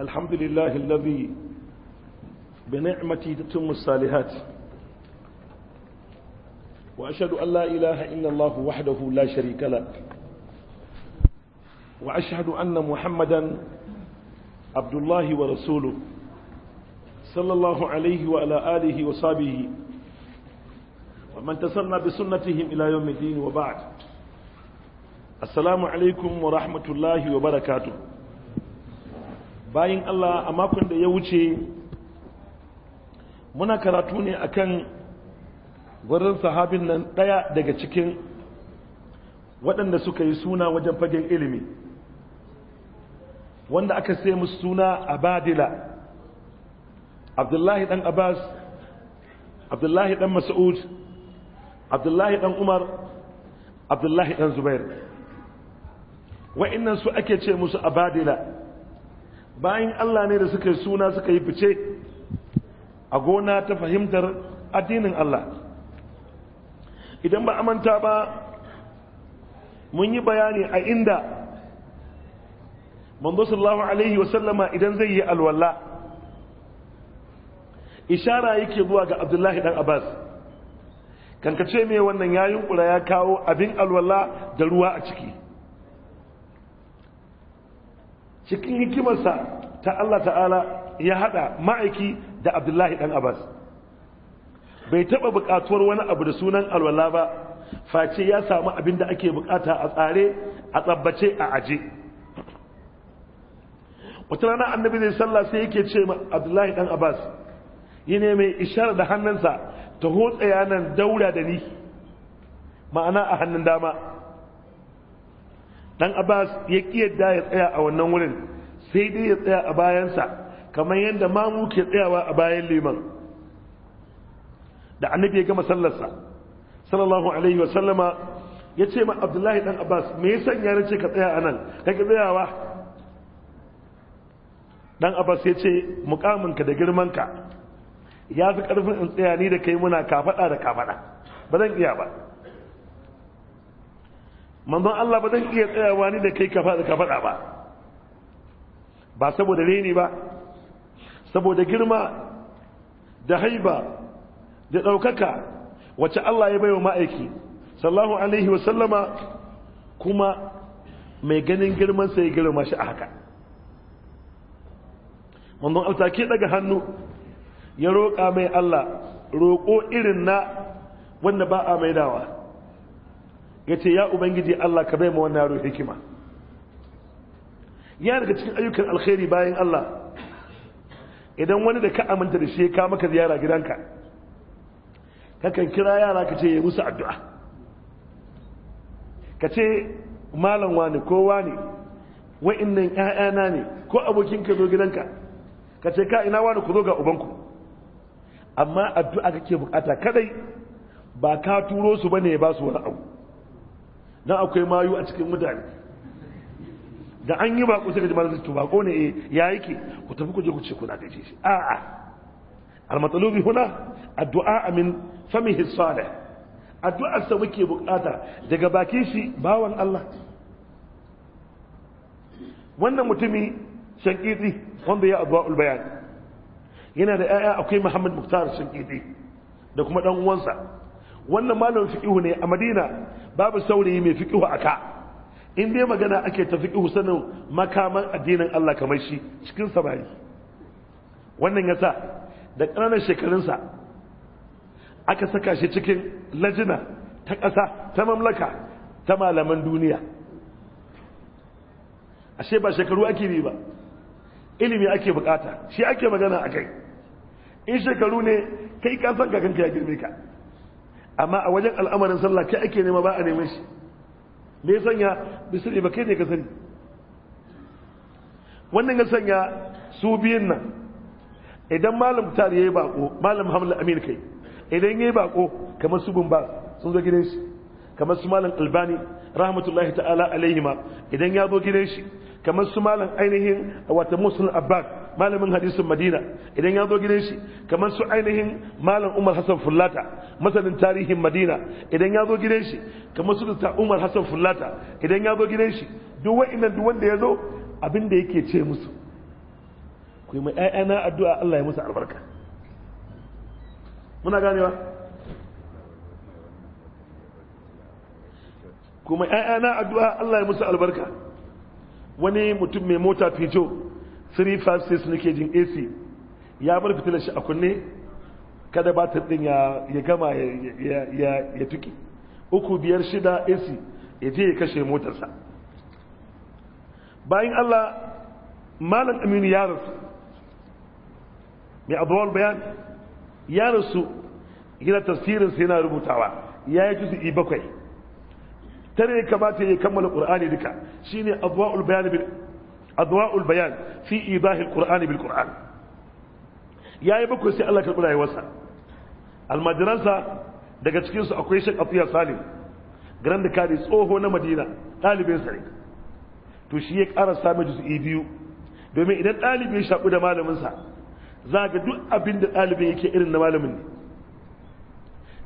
الحمد لله الذي بنعمته تتم الصالحات وأشهد أن لا إله إلا الله وحده لا شريك له وأشهد أن محمدا عبد الله ورسوله صلى الله عليه وعلى آله وصحبه ومن تسنى بسنتهم إلى يوم الدين وبعد السلام عليكم ورحمة الله وبركاته bayin Allah a makon da ya wuce muna karatu ne a kan gurin sahabin nan ɗaya daga cikin waɗanda suka yi suna wajen fagen ilimi wanda aka sai musu suna abadila abdullahi ɗan abbas abdullahi ɗan mas'ud abdullahi ɗan umar abdullahi ɗan zubair wa'innan su ake ce musu abadila bayan Allah ne da suka yi suna suka yi fice a gona ta fahimtar addinin Allah idan ba amanta ba mun yi bayani a inda manzo sallallahu alaihi wasallama idan zai yi alwala ishara yake zuwa ga abdullahi dan abbas kankace me wannan yayin kura ya kawo abin alwala da ruwa a ciki cikin hikimarsa ta Allah ta'ala ya hada ma'aiki da abdullahi dan abbas bai taba bukatuwar wani abu da sunan alwala ba face ya samu abin da ake bukata a tsare a tsabbace a aje wata rana annabi zai sallah sai yake ce ma abdullahi dan abbas yi ne mai ishar da hannunsa ta hotsa yanan daura da ni ma'ana a hannun dama dan abbas ya yadda ya tsaya a wannan wurin sai dai ya tsaya a bayansa kamar yadda mamu ke tsayawa a bayan liman da annabi ya gama sallarsa sallallahu alaihi wa sallama ya ce ma abdullahi dan abbas me ya sanya na ce ka tsaya a nan ka tsayawa dan abbas ya ce mukaminka da girmanka ya fi karfin in tsaya ni da kai muna kafaɗa da kafaɗa ba zan iya ba manzon Allah ba zan iya tsayawa ni da kai ka faɗa ka faɗa ba ba saboda reni ba saboda girma da haiba da ɗaukaka wacce Allah ya baiwa ma'aiki sallahu alaihi wasallama kuma mai ganin girmansa ya girma shi a haka manzon Allah ke daga hannu ya roƙa mai Allah roƙo irin na wanda ba a maidawa ya ce ya ubangiji Allah ka bai ma wannan yaro hikima ya daga cikin ayyukan alkhairi bayan Allah idan wani da ka aminta da shi ka maka ziyara gidanka kakan kira yara ka ce ya musu addu'a ka ce malam wani ko wani wa'innan ƴaƴana ne ko abokin ka zo gidanka ka ce ka ina wani ku zo ga ubanku amma addu'a kake bukata kadai ba ka turo su bane ya ba su wani abu Na akwai mayu a cikin mutane da an yi bako sai ka ji malam to bako ne eh ya yake ku tafi ku je ku ce kuna gaishe shi a'a al-matlubi huna addu'a min famihi salih addu'a sa muke bukata daga bakin shi bawan Allah wannan mutumi shankiti wanda ya addu'a bayan yana da 'ya'ya akwai Muhammad Muktar shankiti da kuma dan uwansa wannan malamin fiqihu ne a madina babu saurayi mai fiqihu aka in dai magana ake ta fiqihu sanin makaman addinin Allah kamar shi cikin samari wannan yasa da ƙananan shekarunsa aka saka shi cikin lajina ta ƙasa ta mamlaka ta malaman duniya ashe ba shekaru ake bi ba ilimi ake bukata shi ake magana akai in shekaru ne kai ka kasan kanka ya girme ka amma a wajen al'amarin sallah kai ake nema ba a neman shi me sanya bisiri ba kai ne ka sani wannan ya sanya su biyun nan idan malam tar yayi bako malam hamla amin kai idan yayi bako kamar su bumba sun zo gidan shi kamar su malam albani rahmatullahi ta'ala alaihima idan ya zo gidan shi kamar su malam ainihin wata musulun abbas malamin hadisin madina idan ya zo gidan shi kamar su ainihin malam umar hassan fullata masanin tarihin madina idan ya zo gidan shi kamar su da umar hassan fullata idan ya zo gidan shi duk wa'annan duk wanda ya zo abin da yake ce musu ku yi mai ayyana addu'a Allah ya musu albarka muna ganewa kuma ƴaƴana addu'a Allah ya musu albarka wani mutum mai mota fito 356 nake jin ac ya bar fitilar shi a kunne kada ta din ya gama ya tuki uku biyar shida ac ya je ya kashe motarsa bayan allah malam aminu ya rasu mai abuwar bayan ya rasu gina sai yana rubutawa ya yi i bakwai tare kamata ya kammala ƙur'ani duka shine abuwar bayan adwa'ul bayan fi idahil qur'ani bil qur'an yayi bakwai sai Allah karbi rayuwarsa almajiransa daga cikin su akwai Sheikh Atiya Salim grand kadi tsoho na Madina ɗalibin sa to shi ya ƙara samu juz'i biyu domin idan ɗalibi ya shaku da malamin sa za ga duk abin da ɗalibin yake irin na malamin ne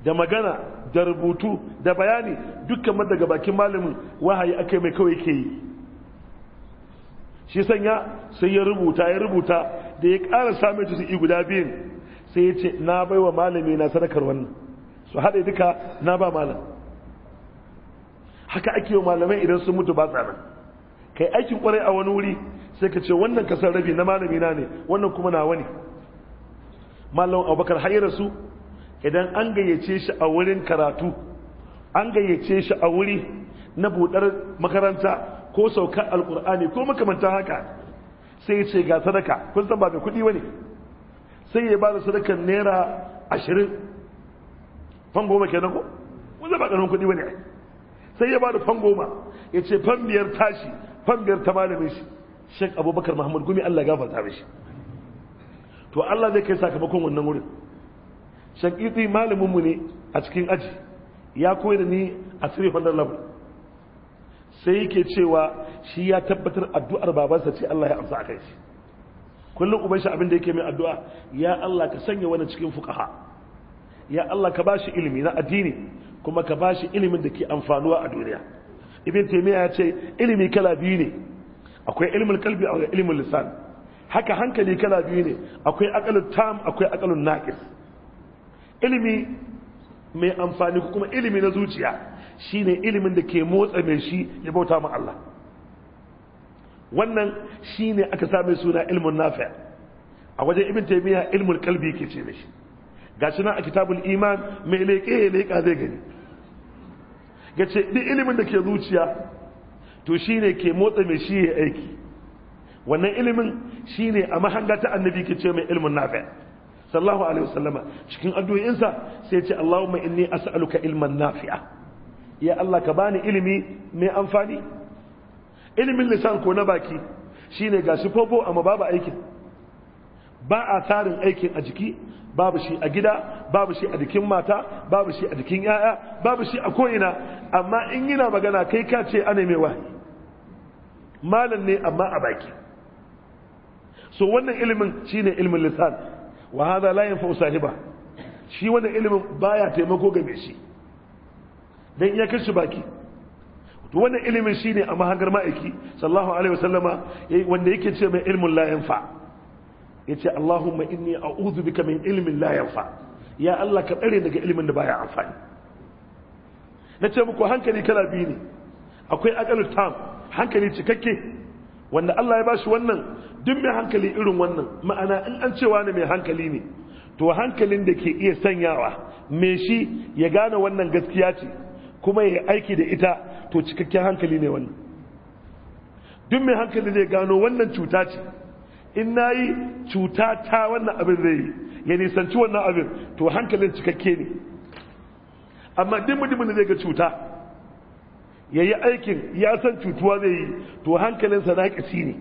da magana da rubutu da bayani dukkan daga bakin malamin wahayi akai mai kawai ke yi shi sanya sai ya rubuta ya rubuta da ya ƙara samun jisi'i guda biyun sai ya ce na bai wa malami na sadakar wannan su haɗe duka na ba malam haka ake wa malamai idan sun mutu ba tsara kai aikin ƙwarai a wani wuri sai ka ce wannan kasar rabi na malami na ne wannan kuma na wani malam abubakar ya rasu idan an gayyace shi a wurin karatu an gayyace shi a wuri na buɗar makaranta ko sauka alkur'ani ko makamantar haka sai ya ce ga sadaka kun san ba ga kuɗi wani sai ya ba da sadakar naira ashirin fan goma nan ko kun san ba ƙarin kuɗi wani sai ya ba da fan goma ya ce fan biyar tashi fan biyar ta malamin shi shek abubakar muhammad gumi allah gafarta mishi to allah zai kai sakamakon wannan wurin shek malamin mu ne a cikin aji ya koyar da ni a sirifan labar sai yake cewa shi ya tabbatar addu'ar babansa ce Allah ya amsa a kai shi kullum uban shi abin da yake mai addu'a ya Allah ka sanya wani cikin fukaha, ya Allah ka bashi ilimi na addini kuma ka bashi ilimin da ke amfanuwa a duniya ibn taymiya ya ce ilimi kala biyu ne akwai ilimin kalbi akwai ilimin lisan haka hankali kala biyu ne akwai aqalul tam akwai akalin naqis ilimi mai amfani kuma ilimi na zuciya shine ilimin da ke motsa mai shi ya bauta ma Allah wannan shine aka same suna ilmun nafi' a wajen ibn taymiya ilmul kalbi ke ce ga shi na a kitabul iman mai leke leka zai gani yace duk ilimin da ke zuciya to shine ke motsa mai shi ya aiki wannan ilimin shine a mahanga ta annabi ke ce mai ilmun nafi' sallallahu alaihi wasallama cikin addu'o'insa sai ya ce allahumma inni as'aluka ilman nafi'a ya Allah ka bani ilimi mai amfani ilimin lisan ko na baki shine ga shi fofo amma babu aikin ba a tsarin aikin a jiki babu shi a gida babu shi a jikin mata babu shi a jikin yaya babu shi a ko'ina amma in yana magana kai ka ce ana mai wahayi malam ne amma a baki so wannan ilimin shine ilimin lisan wa hadha la yanfa'u sahiba shi wannan ilimin baya taimako ga mai shi don iya kashi baki wannan ilimin shi ne a mahangar ma'aiki sallahu alaihi wasallama wanda yake ce mai ilmin layan fa ya ce allahumma inni a uzu bika min ilmin layan fa ya allah ka tsare daga ilimin da baya amfani na ce muku hankali kala biyu ne akwai akalu tam hankali cikakke wanda allah ya bashi wannan duk mai hankali irin wannan ma'ana in an cewa ne mai hankali ne to hankalin da ke iya sanyawa me shi ya gane wannan gaskiya ce kuma ya aiki da ita to cikakken hankali ne wannan duk mai hankali zai gano wannan cuta ce in na yi cuta ta wannan abin zai yi ya nisanci wannan abin to hankalin cikakke ne amma duk mutumin da zai ga cuta ya yi aikin ya san cutuwa zai yi to hankalinsa na ƙasi ne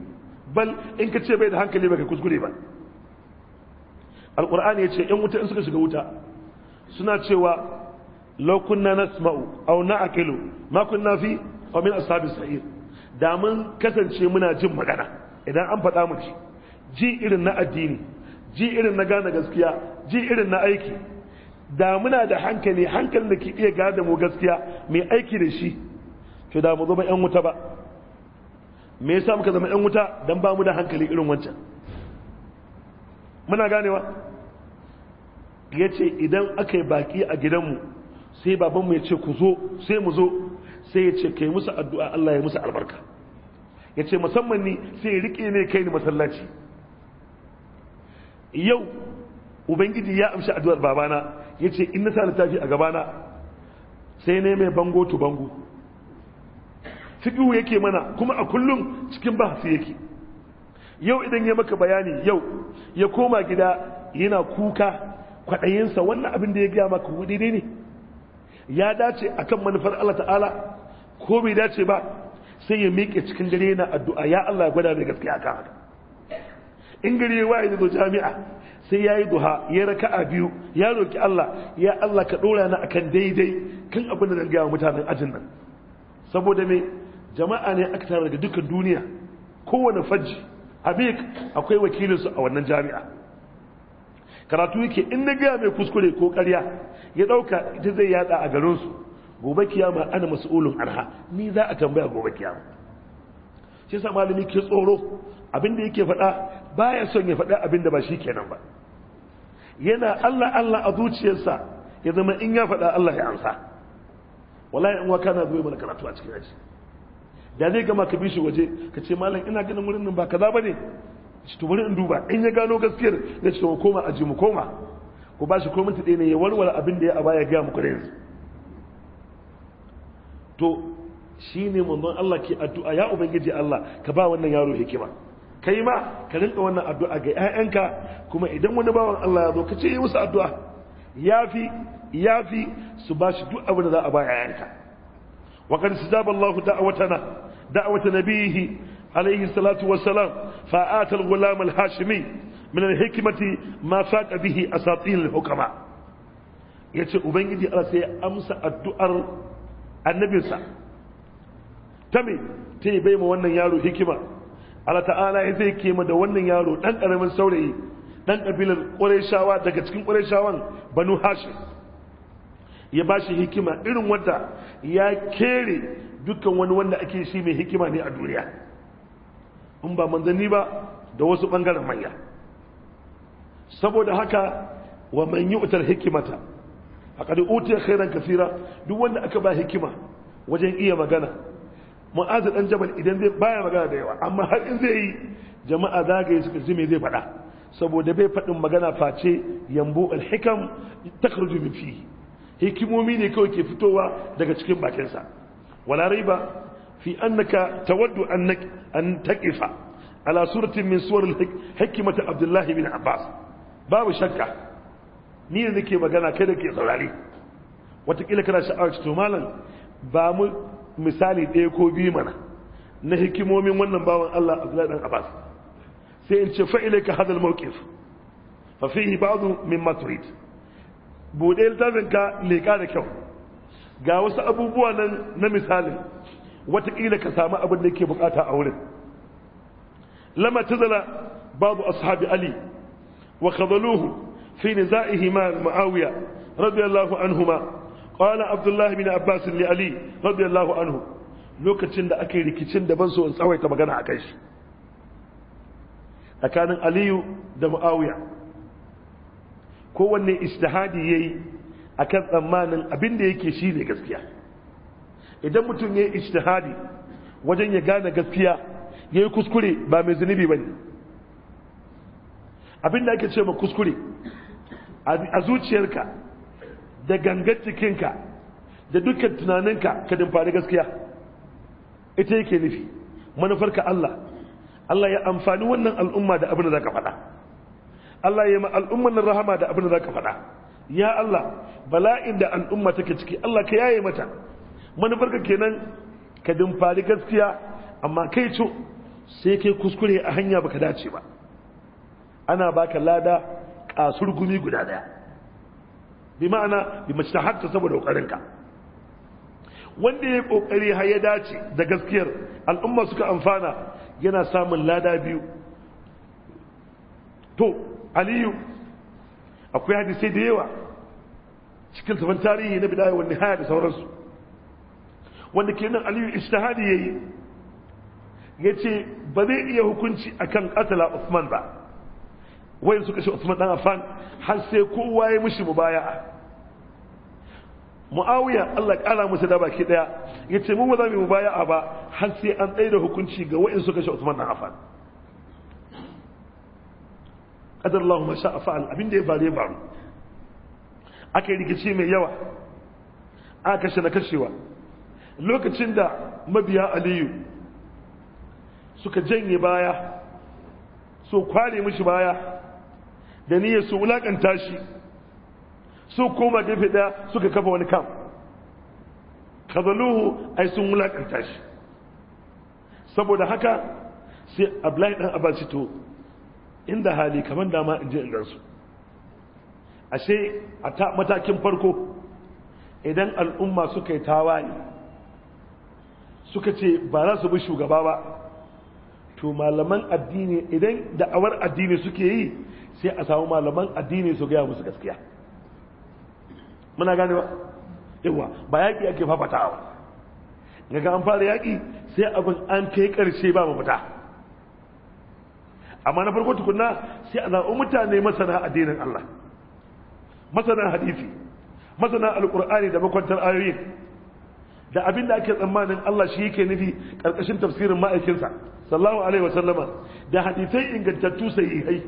bal in ka ce bai da hankali baka kuskure ba alƙur'ani ya ce ‘yan wuta in suka shiga wuta suna cewa لو كنا نسمع او ناكل ما كنا fi aw min ashabis sa'ir da mun kasance muna jin magana idan an faɗa mu ji ji irin na addini ji irin na gane gaskiya ji irin na aiki da muna da hankali hankalin da ke iya gada mu gaskiya mai aiki da shi to da mu zama yan wuta ba me yasa muka zama yan wuta dan ba mu da hankali irin wancan muna ganewa yace idan akai baki a gidanmu sai babanmu ya ce ku zo sai mu zo sai ya ce kai musu addu'a Allah ya musu albarka ya ce musamman ni sai ya riƙe ne kai ni masallaci yau ubangiji ya amshi addu'ar babana ya ce in na sa littafi a gabana sai ne mai bango tu bango cikin yake mana kuma a kullum cikin ba bahasi yake yau idan ya maka bayani yau ya koma gida yana kuka kwaɗayinsa wannan abin da ya gaya maka daidai ne ya dace akan manufar Allah ta'ala ko bai dace ba sai ya miƙe cikin dare na addu'a ya Allah gwada mai gaskiya aka haka in gari ya waye da jami'a sai ya yi duha ya raka a biyu ya roki Allah ya Allah ka ɗora na akan daidai kan abin da zan ga mutanen ajin nan saboda me jama'a ne aka tara daga dukkan duniya kowane faji abik akwai wakilinsu a wannan jami'a karatu yake in na gaya mai kuskure ko karya ya ɗauka ita zai yada a garinsu gobe kiyama ana mas'ulun arha ni za a tambaya gobe kiyama shi sa malami ke tsoro abinda yake faɗa baya son ya faɗa abinda ba shi kenan ba yana Allah Allah a zuciyarsa ya zama in ya faɗa Allah ya amsa wallahi in waka na zuwa mana karatu a cikin aji da zai gama ka bi shi waje ka ce malam ina ganin wurin nan ba kaza bane ci to in duba in ya gano gaskiyar ya ce mu koma aji mu koma ku ba shi komai ɗaya ne ya walwala abin da ya baya gaya muku da yanzu to shi ne manzon Allah ke addu'a ya ubangiji Allah ka ba wannan yaro hikima kai ma ka rinka wannan addu'a ga 'ya'yanka kuma idan wani bawan Allah ya zo ka ce yi musu addu'a yafi yafi su ba shi duk abin da za a ba 'ya'yanka wa kan su jaba Allah da'awatana da'awata nabihi عليه الصلاة والسلام Hashimi الغلام الهاشمي من الحكمة ما فاق به أساطير الحكماء yace ubangiji Allah sai amsa addu'ar annabinsa ta me ta bai ma wannan yaro hikima Allah ta'ala ya zai kema da wannan yaro ɗan karamin saurayi dan kabilar Qurayshawa daga cikin Qurayshawan Banu Hashim ya bashi hikima irin wanda ya kere dukkan wani wanda ake shi mai hikima ne a duniya in ba manzanni ba da wasu bangaren manya saboda haka wa man yu'tar hikimata faqad utiya khairan kasira duk wanda aka ba hikima wajen iya magana mu'azu dan jabal idan zai baya magana da yawa amma har in zai yi jama'a zagaye suka ji me zai faɗa saboda bai faɗin magana face yambo alhikam takhruju min fihi hikimomi ne kawai ke fitowa daga cikin bakinsa wala riba في أنك تود أنك أن تقف على سورة من سور حكمة عبد الله بن عباس باب شكة ni yanzu ke magana kai da ke saurari watakila kana sha'awar cikin malam ba mu misali ɗaya ko biyu mana na hikimomin wannan bawan Allah Abdullahi dan Abbas sai in ce fa ilayka hadha al-mawqif fa fihi ba'd mimma turid bude littafin ka leka da kyau ga wasu abubuwa nan na misalin wataƙila ka samu abin da yake bukata a wurin lama tazala babu ashabi ali wa khadaluhu fi nizaihi ma muawiya radiyallahu anhuma qala abdullah bin abbas li ali radiyallahu anhu lokacin da aka yi rikicin da ban so in tsawaita magana a kai shi tsakanin aliyu da muawiya kowanne istihadi yayi akan tsammanin abin da yake shi gaskiya idan mutum ya yi ijtihadi wajen ya gane gaskiya ya yi kuskure ba mai zunubi ba ne abinda ake ce ma kuskure a zuciyarka da gangar cikinka da dukkan tunaninka ka dimfari gaskiya ita yake nufi manufarka Allah Allah ya amfani wannan al'umma da abin da za ka faɗa Allah ya ma al'umman nan rahama da abin da za ka faɗa ya Allah bala'in da al'umma take ciki Allah ka yaye mata ka kenan ka dimfari gaskiya amma kai co sai kai kuskure a hanya baka dace ba ana baka lada kasur gumi guda daya bi ma'ana bi mace ta hatta saboda kokarinka wanda ya kokari har ya dace da gaskiyar al'umma suka amfana yana samun lada biyu to aliyu akwai hadisai da yawa cikin tafan tarihi na bidaya wani haya da sauransu wanda kenan aliyu yi ya ce ba zai iya hukunci akan katala Usman ba wayin suka ce Usman dan Afan, har sai kowa ya mu mubaya'a Muawiya Allah kara musu da baki daya ya ce ba za mu mubaya'a ba har sai an tsaye da hukunci ga wayin suka ce Usman dan Afan. kadar Allah ma sha fa'al abin da ya bare ya aka yi rikici mai yawa aka kashe na kashewa lokacin da mabiya aliyu suka janye baya so kware mishi baya da niyyar su wulakanta shi su koma gefe daya suka kafa wani kam kazaluhu ai sun wulakanta shi saboda haka sai abdullahi dan abasito to inda hali kaman dama in je in gansu ashe a matakin farko idan al'umma suka yi tawaye suka ce ba za su bi shugaba ba to malaman addini idan da'awar addini suke yi sai a samu malaman addini su gaya musu gaskiya muna gane ba yawa ba yaƙi ake fafatawa daga an fara yaƙi sai abin an kai ƙarshe ba mafita amma na farko tukunna sai a zaɓi mutane masana addinin Allah masana hadisi masana alƙur'ani da makwantar ayoyin da abin da ake tsammanin Allah shi yake nufi karkashin tafsirin ma'aikinsa sallallahu alaihi wa sallama da hadisai ingantattu sahihai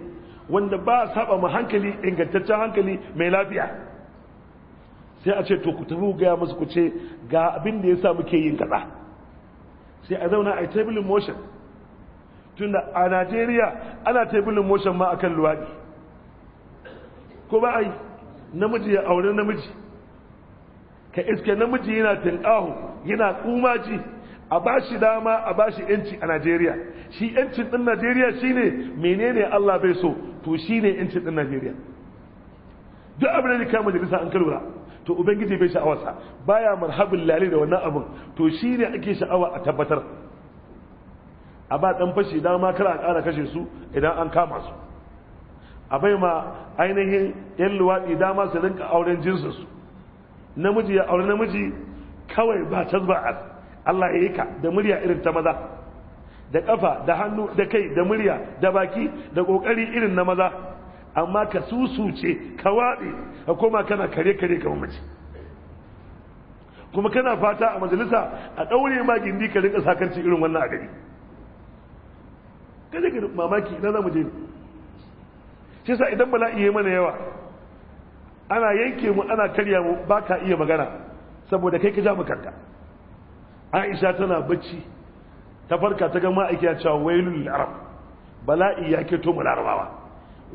wanda ba saba ma hankali ingantaccen hankali mai lafiya sai a ce to ku tafi ga musu ku ce ga abin da yasa muke yin kaza sai a zauna a table motion tunda a Najeriya ana table motion ma akan luwadi ko ba ai namiji ya aure namiji ka iske namiji yana tinkahu yana kumaji a bashi dama a bashi yanci a Najeriya shi yancin din Najeriya shine menene Allah bai so to shine yancin din Najeriya duk abin da ka majalisa an kalura to ubangiji bai sha'awarsa baya marhabin lali da wannan abin to shine ake sha'awa a tabbatar a ba dan fashi dama kar a ƙara kashe su idan an kama su a bai ma ainihin yan luwaɗi dama su rinka auren su. namiji ya aure namiji kawai ba ta a Allah ya yi ka da murya irin ta maza da ƙafa, da hannu da kai da murya da baki da kokari irin na maza amma ka susuce ka waɗe ka koma kana kare kare ka mace kuma kana fata a majalisa a ɗaure ma gindi ka rinka sakarci irin wannan a gari kada ka mamaki na za mu je shi sa idan bala'i ya mana yawa ana yanke mu ana karya mu ba ka iya magana saboda kai ka ja makarka aisha tana bacci ta farka ta ga ma'aiki ya cewa wailul arab bala'i ya keto mu larabawa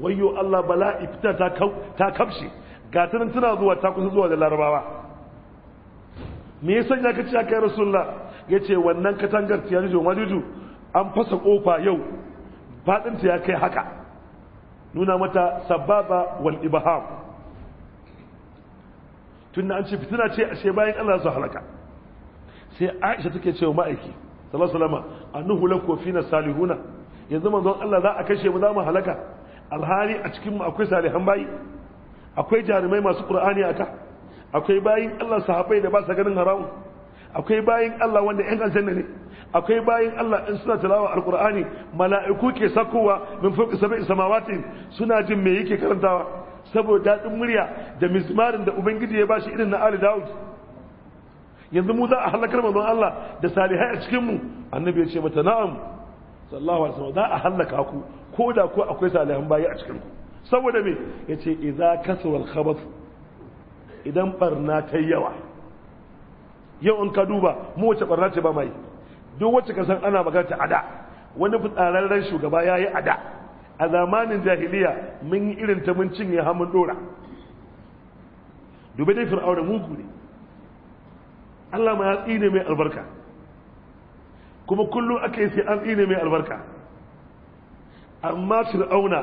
wayyo Allah bala'i fita ta ta kafshe ga tunan tana zuwa ta kusa zuwa da larabawa me yasa ya kace kai rasulullah yace wannan katangar ta yaji majuju an fasa kofa yau fadin ta ya kai haka nuna mata sababa wal ibham tun da an ce fitina ce a bayan Allah su halaka sai Aisha take cewa ma'aiki sallallahu alaihi wasallam annahu lakum na salihuna yanzu manzon Allah za a kashe mu za mu halaka alhali a cikin mu akwai salihan bayi akwai jarumai masu qur'ani aka akwai bayin Allah sahabbai da ba sa ganin haramu akwai bayin Allah wanda yan aljanna ne akwai bayin Allah in suna tilawa alqur'ani mala'iku ke sakowa min fawqi sab'i samawati suna jin me yake karantawa saboda daɗin murya da mizmarin da ubangiji ya bashi irin na ali daud yanzu mu za a halakar manzon Allah da salihai a cikin mu annabi ya ce mata na'am sallallahu alaihi wasallam za a halaka ku ko da ko akwai salihan bayi a cikin saboda me yace idza kasara khabath idan barna ta yawa yau in ka duba mu wace barna ce ba mai duk wacce ka san ana magana ta ada wani fitsararren shugaba yayi ada a zamanin jahiliya mun yi irin ta mun cinye hamun dora dubi dai fir'auna mugu ne Allah ma ya tsine mai albarka kuma kullum aka yi sai an tsine mai albarka amma fir'auna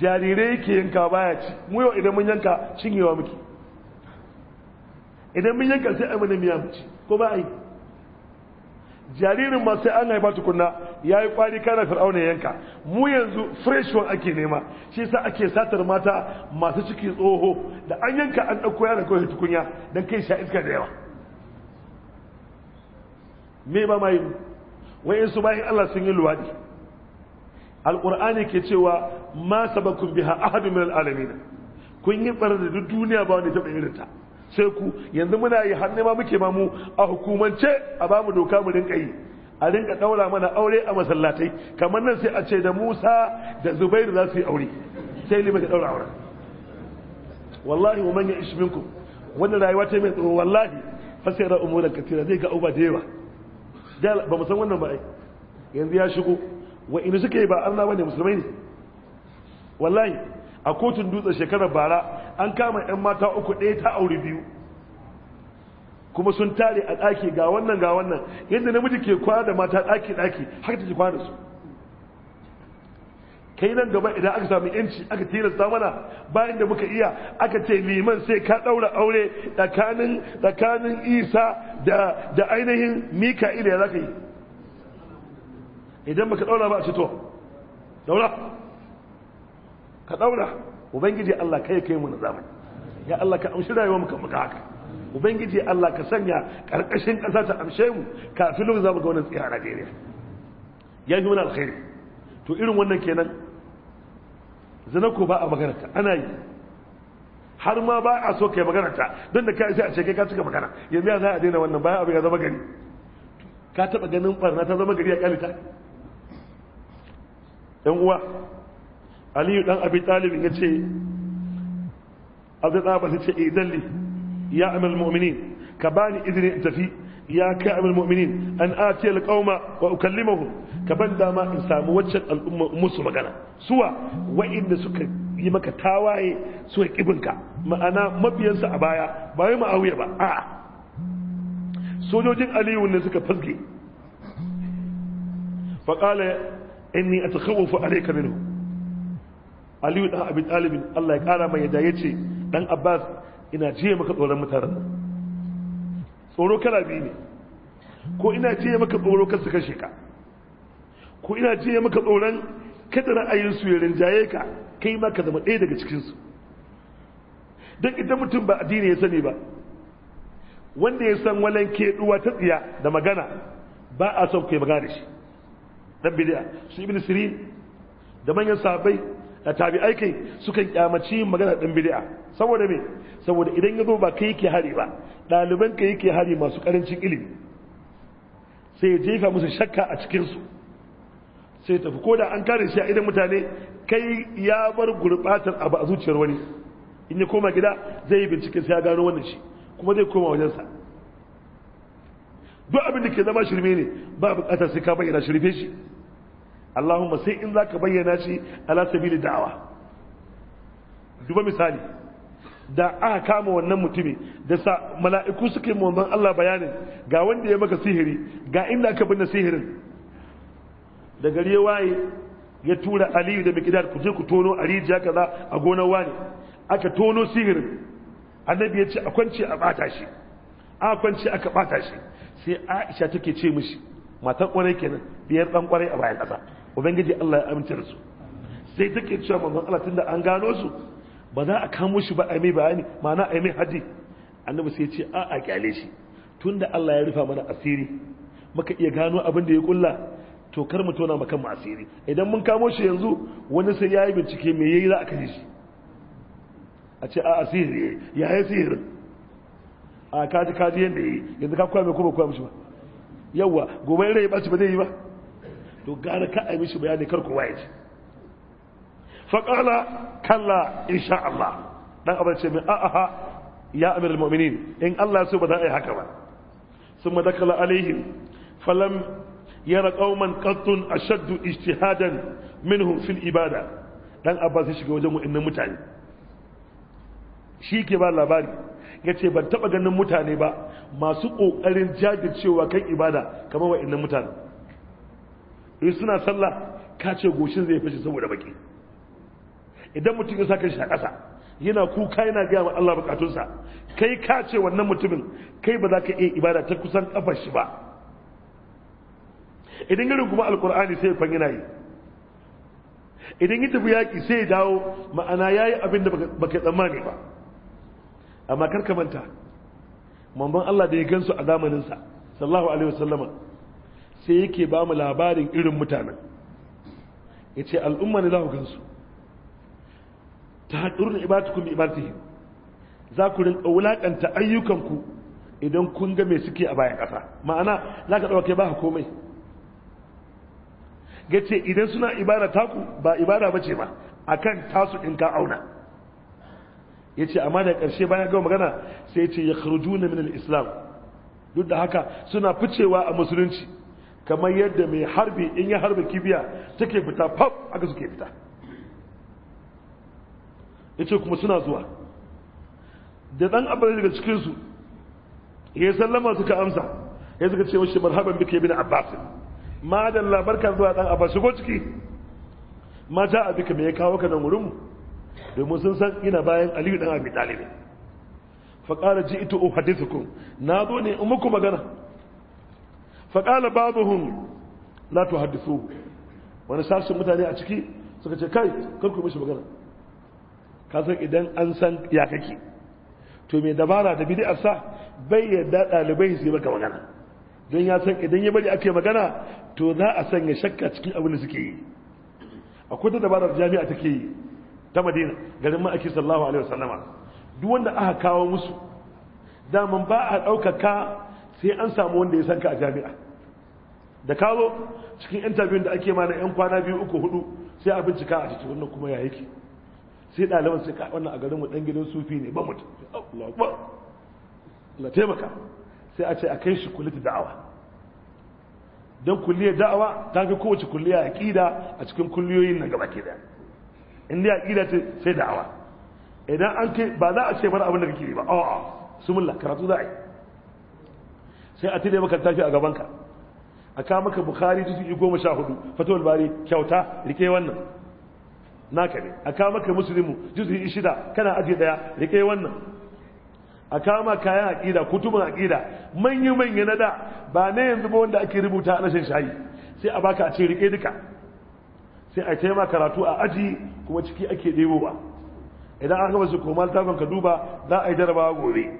jarirai yake yanka baya ci mu yau idan mun yanka cinyewa muke idan mun yanka sai a mana miya mu ci ko ba a yi jaririn masu sai an haifa tukunna ya yi kwari kana fir'auna yanka mu yanzu fresh one ake nema shi sa ake satar mata masu ciki tsoho da an yanka an ɗauko yana kawai tukunya don kai sha iska da yawa me ba ma yi wa'in su bayan allah sun yi luwadi alƙur'ani ke cewa ma sabakun biha ahadu min al'alamin kun yi ɓarar da duk duniya ba wani taɓa irinta sai ku yanzu muna yi hannu ma muke mamu mu a hukumance a bamu doka mu rinka yi a rinka daura mana aure a masallatai kamar nan sai a ce da Musa da Zubairu za su yi aure sai ni muke daura aure. wallahi wa man ya'ish minkum wannan rayuwa ta mai tsoro wallahi fasira umuran katira zai ga uba da yawa ba mu san wannan ba ai yanzu ya shigo wa ina suke ba Allah bane musulmai ne wallahi a kotun dutse shekarar bara an kama yan mata uku ɗaya ta auri biyu kuma sun tare a ɗaki ga wannan ga wannan yadda namiji ke kwana da mata ɗaki ɗaki haka ci kwana su kai nan gaba idan aka samu yanci aka tilasta mana bayan da muka iya aka ce liman sai ka ɗaura aure tsakanin isa da da ainihin mika'ila ya zaka yi idan baka ɗaura ba a ce to ɗaura ka ɗaura ubangiji Allah kai kai mu na zamani ya Allah ka amshi rayuwar mu kamar haka ubangiji Allah ka sanya karkashin ƙasa ta amshe mu kafin mu zama ga wannan tsira a Najeriya ya yi mana alkhairi to irin wannan kenan zina ko ba a maganarta ana yi har ma ba a so kai maganarta don da ka sai a ce kai ka cika magana yanzu ya za a daina wannan bayan abu ya zama gari ka taɓa ganin barna ta zama gari ya kalita yan uwa aliyu dan abi talibin ya ce abdullahi ce idan eh, ya amal mu'minin ka bani izini zafi tafi ya kai amal mu'minin an ati alqauma wa ukallimuhum ka ban dama in samu waccan al'umma musu magana suwa wa'inda suka yi maka tawaye suka kibinka ma'ana mabiyansa a baya ba wai ma'awiya ba a'a sojojin aliyu ne suka fasge faƙala inni a ta kawo fa'alaika minhu aliyu dan abin ɗalibin Allah ya kara mai yadda ce dan abbas ina jiye maka tsoron mutanen tsoro kala biyu ne ko ina jiye maka tsoro kansu su kashe ka ko ina jiye maka tsoron kada ra'ayin su ya rinjaye ka kai maka ka zama ɗaya daga cikinsu. Don dan idan mutum ba addini ya sani ba wanda ya san walan keɗuwa ta tsiya da magana ba a son kai magana da shi dan bid'a su ibn sirin da manyan sahabbai da tabi'ai kai sukan kyamaci magana dan bid'a saboda me saboda idan ya zo ba kai yake hari ba ɗaliban ka yake hari masu ƙarancin ilimi sai ya jefa musu shakka a cikinsu sai tafi ko da an kare shi a idan mutane kai ya bar gurbatar abu a zuciyar wani in ya koma gida zai yi bincike sai ya gano wannan shi kuma zai koma wajensa duk abin da ke zama shirme ne ba bukatar sai ka bayyana shirme shi Allahumma sai in zaka bayyana shi ala sabili da'awa duba misali da aka kama wannan mutumi da sa mala'iku suke mamban Allah bayanin ga wanda ya maka sihiri ga inda aka binne sihirin da gari ya waye ya tura Aliyu da Mikdad ku je ku tono a rijiya kaza a gonar wani aka tono sihirin annabi ya ce a kwance a bata shi a kwance aka bata shi sai Aisha take ce mishi matan kwarai kenan biyar dan kwarai a bayan kasa ubangiji Allah ya amince da su sai take cewa manzon Allah tunda an gano su ba za a kamo shi ba a mai bayani ma'ana a mai hadi annabi sai ce a a kyale shi tunda Allah ya rufa mana asiri muka iya gano abin da ya kulla to kar mu tona makan mu asiri idan mun kamo shi yanzu wani sai yayi bincike me yayi za a kashe shi a ce a asiri ya yi sihir a kaji kaji yanda yi yanzu ka kwa mai kuma kwa mishi ba yawa gobe rai ba ci ba zai yi ba to gara ka a mishi bayani kar kowa ya ji faƙala kalla insha Allah dan ce min a'a ya amir mu'minin in Allah so ba za a yi haka ba sun madakala alaihim falam yara qauman qattun ashaddu ijtihadan minhum fil ibada dan abbas ya shiga wajen wa'annan mutane shi ke ba labari ya ce ban taɓa ganin mutane ba masu ƙoƙarin jajircewa kan ibada kamar wa'annan mutane in suna sallah ka ce goshin zai fashe saboda baki idan mutum ya saka shi a ƙasa yana kuka yana gaya wa Allah bukatunsa kai ka ce wannan mutumin kai ba za ka iya ibada ta kusan kafar shi ba idan ya runguma alkur'ani sai kwan yana yi idan ya tafi yaƙi sai ya dawo ma'ana ya yi abin da ba ka tsammani ba amma karka manta mamban Allah da ya gansu a zamaninsa sallahu alaihi wasallama sai yake ba mu labarin irin mutanen ya ce al'umma ne za ku gansu ta haɗurin mai ibatihim za ku rinka wulaƙanta ayyukanku idan kun ga mai suke a bayan ƙasa ma'ana za ka ɗauke ba komai ga ce idan suna ibada taku ba ibada ba ce ba a kan tasu in ka auna ya ce amma da ƙarshe bayan gama magana sai ce ya kharju na minal islam duk da haka suna ficewa a musulunci kamar yadda mai harbi in ya harbi kibiya take fita fab aka suke fita ya ce kuma suna zuwa da ɗan abin daga cikinsu ya sallama suka amsa ya suka ce mashi marhaban bi na abbas ma da labarka zuwa ɗan abbas shigo ciki ma a abika mai ya kawo ka nan wurinmu domin sun san ina bayan aliyu ɗan abi ɗalibi faƙara ji ito o kun na zo ne in muku magana faƙala babuhun la tu haddisu wani sashen mutane a ciki suka ce kai karku mishi magana ka san idan an san ya kake to mai dabara da bidiyar sa bai yadda ɗalibai su yi maka magana don ya san idan ya bari ake magana to za a sanya shakka cikin abin da suke yi akwai ta dabarar jami'a take yi ta madina garin ma'aiki sallahu alaihi wasallama duk wanda aka kawo musu daman ba a ɗaukaka sai an samu wanda ya sanka a jami'a da kawo cikin interview da ake mana yan kwana biyu uku hudu sai a bincika a cikin wannan kuma ya yake sai ɗaliban sai ka wannan a garin mu dan gidan sufi ne ba mutum Allah ba la taimaka sai a ce a kai shi kulliyar da'awa dan kulliyar da'awa ta fi kowace kulliya aqida a cikin kulliyoyin nan gaba ke da in dai aqida ce sai da'awa idan an kai ba za a ce mana abin da kake ba a'a sumulla karatu za a yi sai a tide maka tafi a gaban ka. a ka bukari bukhari goma sha hudu fatawar bari kyauta rike wannan Na kare a ka musulmi muslimu shida kana aji daya rike wannan a kama kayan aƙida kutubin aƙida manya-manya na da ba na yanzu ba wanda ake rubuta a nashin shayi sai a baka a ce rike duka sai a taima karatu a aji kuma ciki ake ɗebo ba idan an masu koma littafin ka duba za a yi jarabawa gobe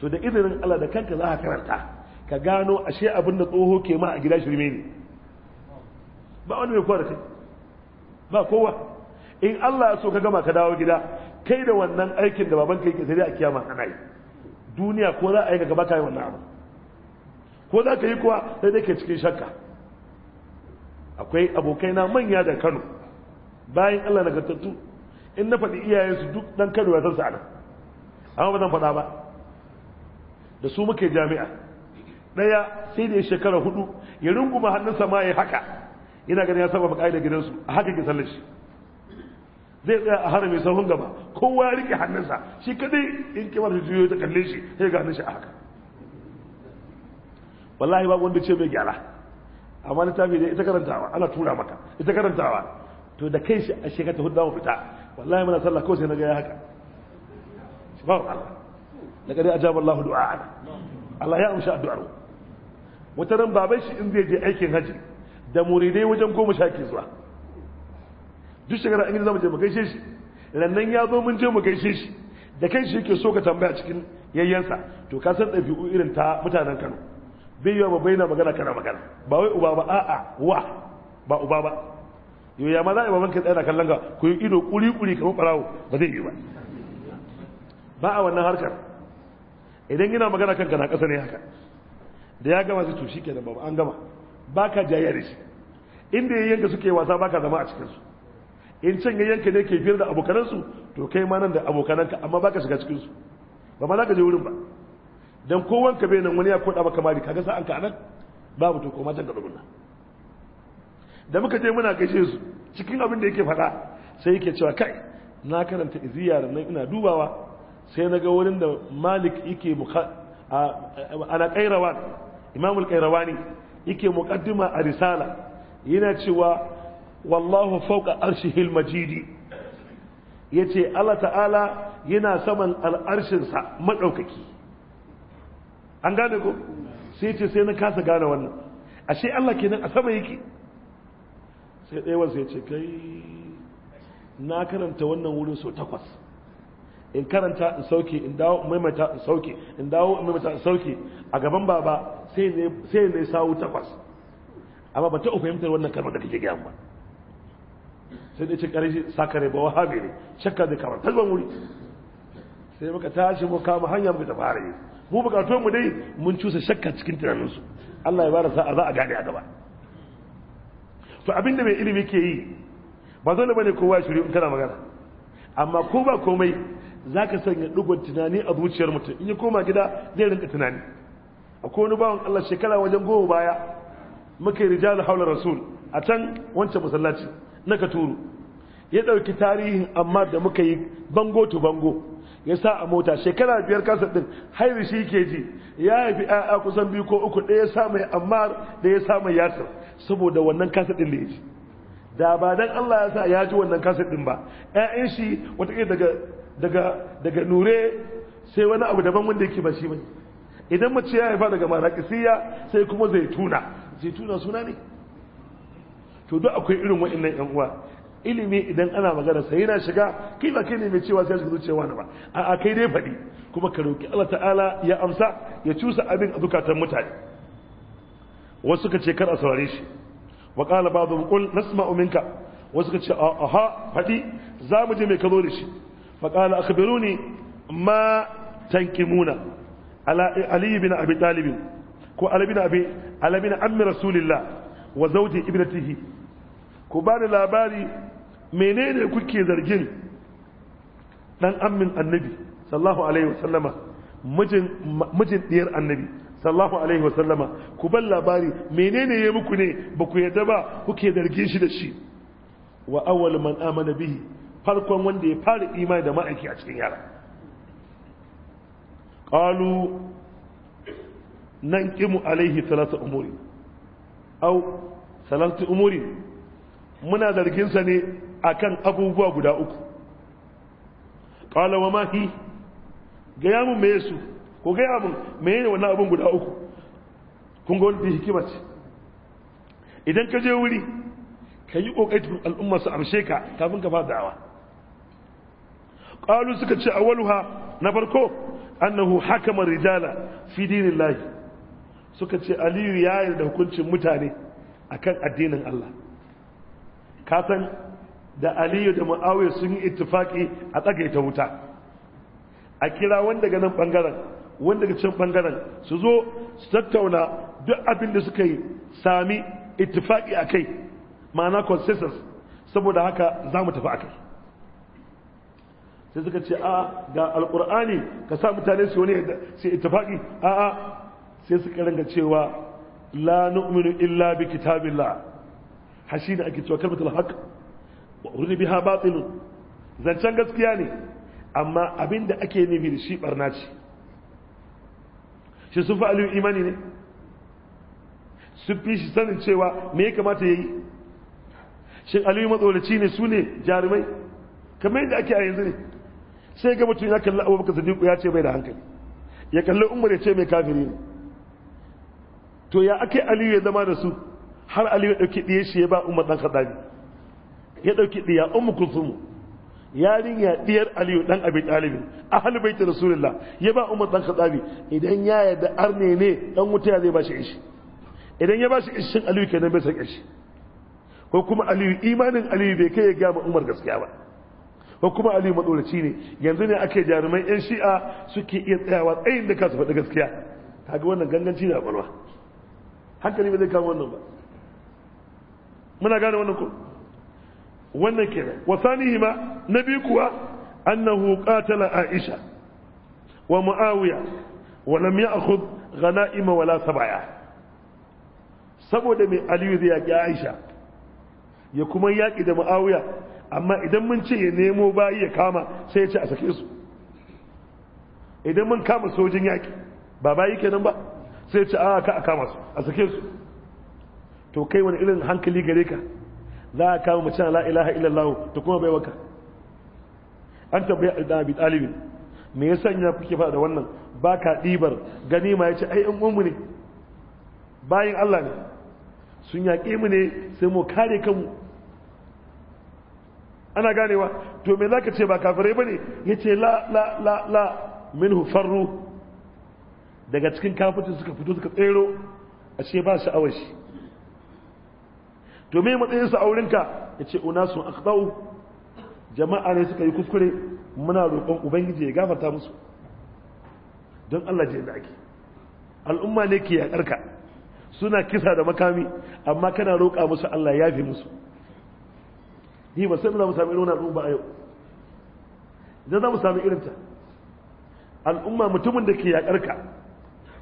to da izinin allah da kanka za a karanta ka gano ashe abin da tsoho ke ma a gida shirme ne ba wani mai kowa ba kowa in Allah ya so ka gama ka dawo gida kai da wannan aikin da babanka yake sai a kiyama ana yi duniya ko za a yi gaba ka yi wannan abu ko za ka yi kuwa sai dai ke cikin shakka akwai abokai na manya da Kano bayan Allah nagartattu in na faɗi iyayensu duk dan Kano ya san su ana amma ba zan faɗa ba da su muke jami'a daya sai da ya shekara hudu ya ma hannunsa ma ya haka ina ganin ya saba ba ka'ida gidansu a haka ki sallar shi zai tsaya a harami sahun gaba kowa ya rike hannunsa shi kadai in da juyo ta kalle shi sai ga hannun shi a haka wallahi babu wanda ce bai gyara amma littafi da ita karantawa ana tura maka ita karantawa to da kai shi a shekara ta hudu fita wallahi muna sallah kawai sai na ga ya haka subhanallah laqad ajabu Allahu du'a Allah ya amsa addu'arwa wata ran baban shi in zai je aikin haji da muridai wajen goma sha ke zuwa duk shekara an yi zamu je mu gaishe shi lannan ya zo mun je mu gaishe shi da kai shi yake so ka tambaya cikin yayyansa to ka san ɗabi'u irin ta mutanen Kano bai wa bai na magana kana magana ba wai uba ba a'a wa ba uba ba yau ya ma za a yi babanka tsaye na kallon ga ku yi ido kuri kuri kamar ɓarawo ba zai yi ba ba a wannan harkar idan yana magana kanka na ƙasa ne haka da ya gama zai to shi da babu an gama ba ka jayya da shi inda ya yanka suke wasa ba ka zama a cikinsu in can ya yanka ne ke fiye da abokanansu to kai ma nan da abokananka amma ba ka shiga cikinsu ba ma za ka je wurin ba don kowan ka bai nan wani ya koda maka mari kaga sa an ka anan babu to koma can ka rubuta da muka je muna gaishe su cikin abin da yake faɗa sai yake cewa kai na karanta iziya nan ina dubawa sai na ga wurin da malik yake ana kairawa Imamul al yake muqaddima a risala yana cewa wallahu fawqa arshihil majidi yace Allah ta'ala yana saman al'arshin sa madaukaki an gane ko sai yace sai na kasa gane wannan ashe Allah kenan a sama yake sai ɗaya wanda yace kai na karanta wannan wurin so takwas in karanta in sauke in dawo in maimaita in sauke in dawo in maimaita in sauke a gaban baba sai ne sawu takwas amma ba ta fahimtar wannan kalmar da kake gaya ba sai dai ce karshe sakare ba wahabi ne cikin zai kamar talban wuri sai muka tashi mu kama hanya muka ta fara yi mu bukatu mu dai mun cusa shakka cikin tunaninsu Allah ya bara sa'a za a gane a gaba to abin da mai ilimi ke yi ba zo bane kowa shiri in kana magana amma ko ba komai za ka sanya ɗigon tunani a zuciyar mutum in yi koma gida zai rinka tunani akwai wani bawan Allah shekara wajen goma baya muka yi rijal haular rasul a can wancan masallaci na katuru ya ɗauki tarihin amma da muka yi bango to bango ya sa a mota shekara biyar kasa din haihu shi ke ji ya haifi a kusan biyu ko uku ɗaya sa mai amma da ya sa mai yasir saboda wannan kasa ɗin da ya ji da ba dan Allah ya sa ya ji wannan kasa ɗin ba 'ya'yan shi wataƙila daga daga nure sai wani abu daban wanda yake ba shi idan mace ya haifa daga marakisiya sai kuma zai tuna. Zai tuna suna ne to duk akwai irin wa'annan yan uwa ilimi idan ana magana sai yana shiga kai ba kai ne mai cewa sai shiga cewa wani ba a'a kai dai faɗi kuma ka roki Allah ta'ala ya amsa ya cusa abin a zukatan mutane wasu ka ce kar a saurare shi wa qala ba'dhum qul nasma'u minka wasu ka ce a'a faɗi za mu je mai kazo da shi فقال أخبروني ما تنكمون على علي بن أبي طالب على بن أبي على بن عم رسول الله وزوج ابنته كبار لاباري منين كوكي زرجين dan ammin annabi sallallahu alaihi wasallama mijin mijin diyar annabi sallallahu alaihi wasallama ku bar labari menene yayi muku ne ba ku yarda ba kuke zargin shi da shi wa awwal man amana farkon wanda ya fara imani da ma'aiki a cikin yara ƙalu nan kimu alaihi salatu umuri au salatu umuri muna zarginsa ne ne akan abubuwa guda uku qala wa gaya mun me su ko gaya mun me ne wannan abun guda uku kun ga wani hikima ce idan ka je wuri ka yi ƙoƙarin al'umma su amshe ka kafin ka fara da'awa qalu suka ce awwaluha na farko annahu hakama rijala fi dinillahi suka ce aliyu ya yarda hukuncin mutane akan addinin Allah ka san da aliyu da muawiya sun yi ittifaki a tsagaita wuta a kira wanda ga nan bangaren wanda ga can bangaren su zo su tattauna duk abin da suka yi sami ittifaki kai ma'ana consensus saboda haka za mu tafi akai sai suka ce a ga alkur'ani ka sa mutane su wani sai itafaki a a sai suka ranga cewa la nu'minu illa bi kitabillah hashi da ake cewa kalmatul haqq wa urni biha batil zancen gaskiya ne amma abin da ake nufi da shi barna ce shi sun fi imani ne sun fi shi sanin cewa me ya kamata ya yi shi aliyu matsalaci ne su ne jarumai kamar yadda ake a yanzu ne sai ga mutum ya kalli abubakar sadiku ya ce bai da hankali ya kalli umar ya ce mai kafiri ne to ya ake aliyu ya zama da su har aliyu ya ɗauki ɗiye shi ya ba umar ɗan kaɗari ya ɗauki ɗiya umar kulsumu yarinya ɗiyar aliyu ɗan abi ɗalibi a halibaita rasulullah ya ba umar ɗan kaɗari idan ya yadda arne ne ɗan wuta ya zai ba shi ishi idan ya ba shi ishin aliyu kenan bai san ishi ko kuma aliyu imanin aliyu bai kai ya gama umar gaskiya ba ko kuma ali matsoraci ne yanzu ne ake jarumai yan shi'a suke iya tsayawa tsayin da kasu faɗi gaskiya ga wannan ganganci da ƙwarwa hankali ba zai kawo wannan ba muna gane wannan ko wannan ke wa wasanihi ma na biyu kuwa annahu qatala aisha wa muawiya wa lam ya'khudh ghanaima wala sabaya saboda mai aliyu zai yaƙi aisha ya kuma yaƙi da muawiya amma idan mun ce ya nemo bayi ya kama sai ya ce a sake su idan mun kama sojin yaki ba bayi kenan ba sai ya ce a ah, ka a kama su a sake su to kai wani irin hankali gare ka za a kama mutum la ilaha illallah to kuma bai waka an tabbaya a talibin me ya sanya kuke faɗa da wannan ba ka gani ma ya ce ai an umu ne bayan Allah ne sun yaƙe mu ne sai mu kare kanmu ana ganewa to me zaka ce ba kafirai bane yace la la la la minhu farru daga cikin kafirci suka fito suka tsero ashe ba sha'awar shi to me matsayin sa aurinka yace unasu akhdau jama'a ne suka yi kuskure muna roƙon ubangiji ya gafarta musu don Allah je da ake al'umma ne ke yakarka suna kisa da makami amma kana roƙa musu Allah ya fi musu ni ba sai mu sami nuna al'umma a yau idan za mu sami irinta al'umma mutumin da ke yakar ka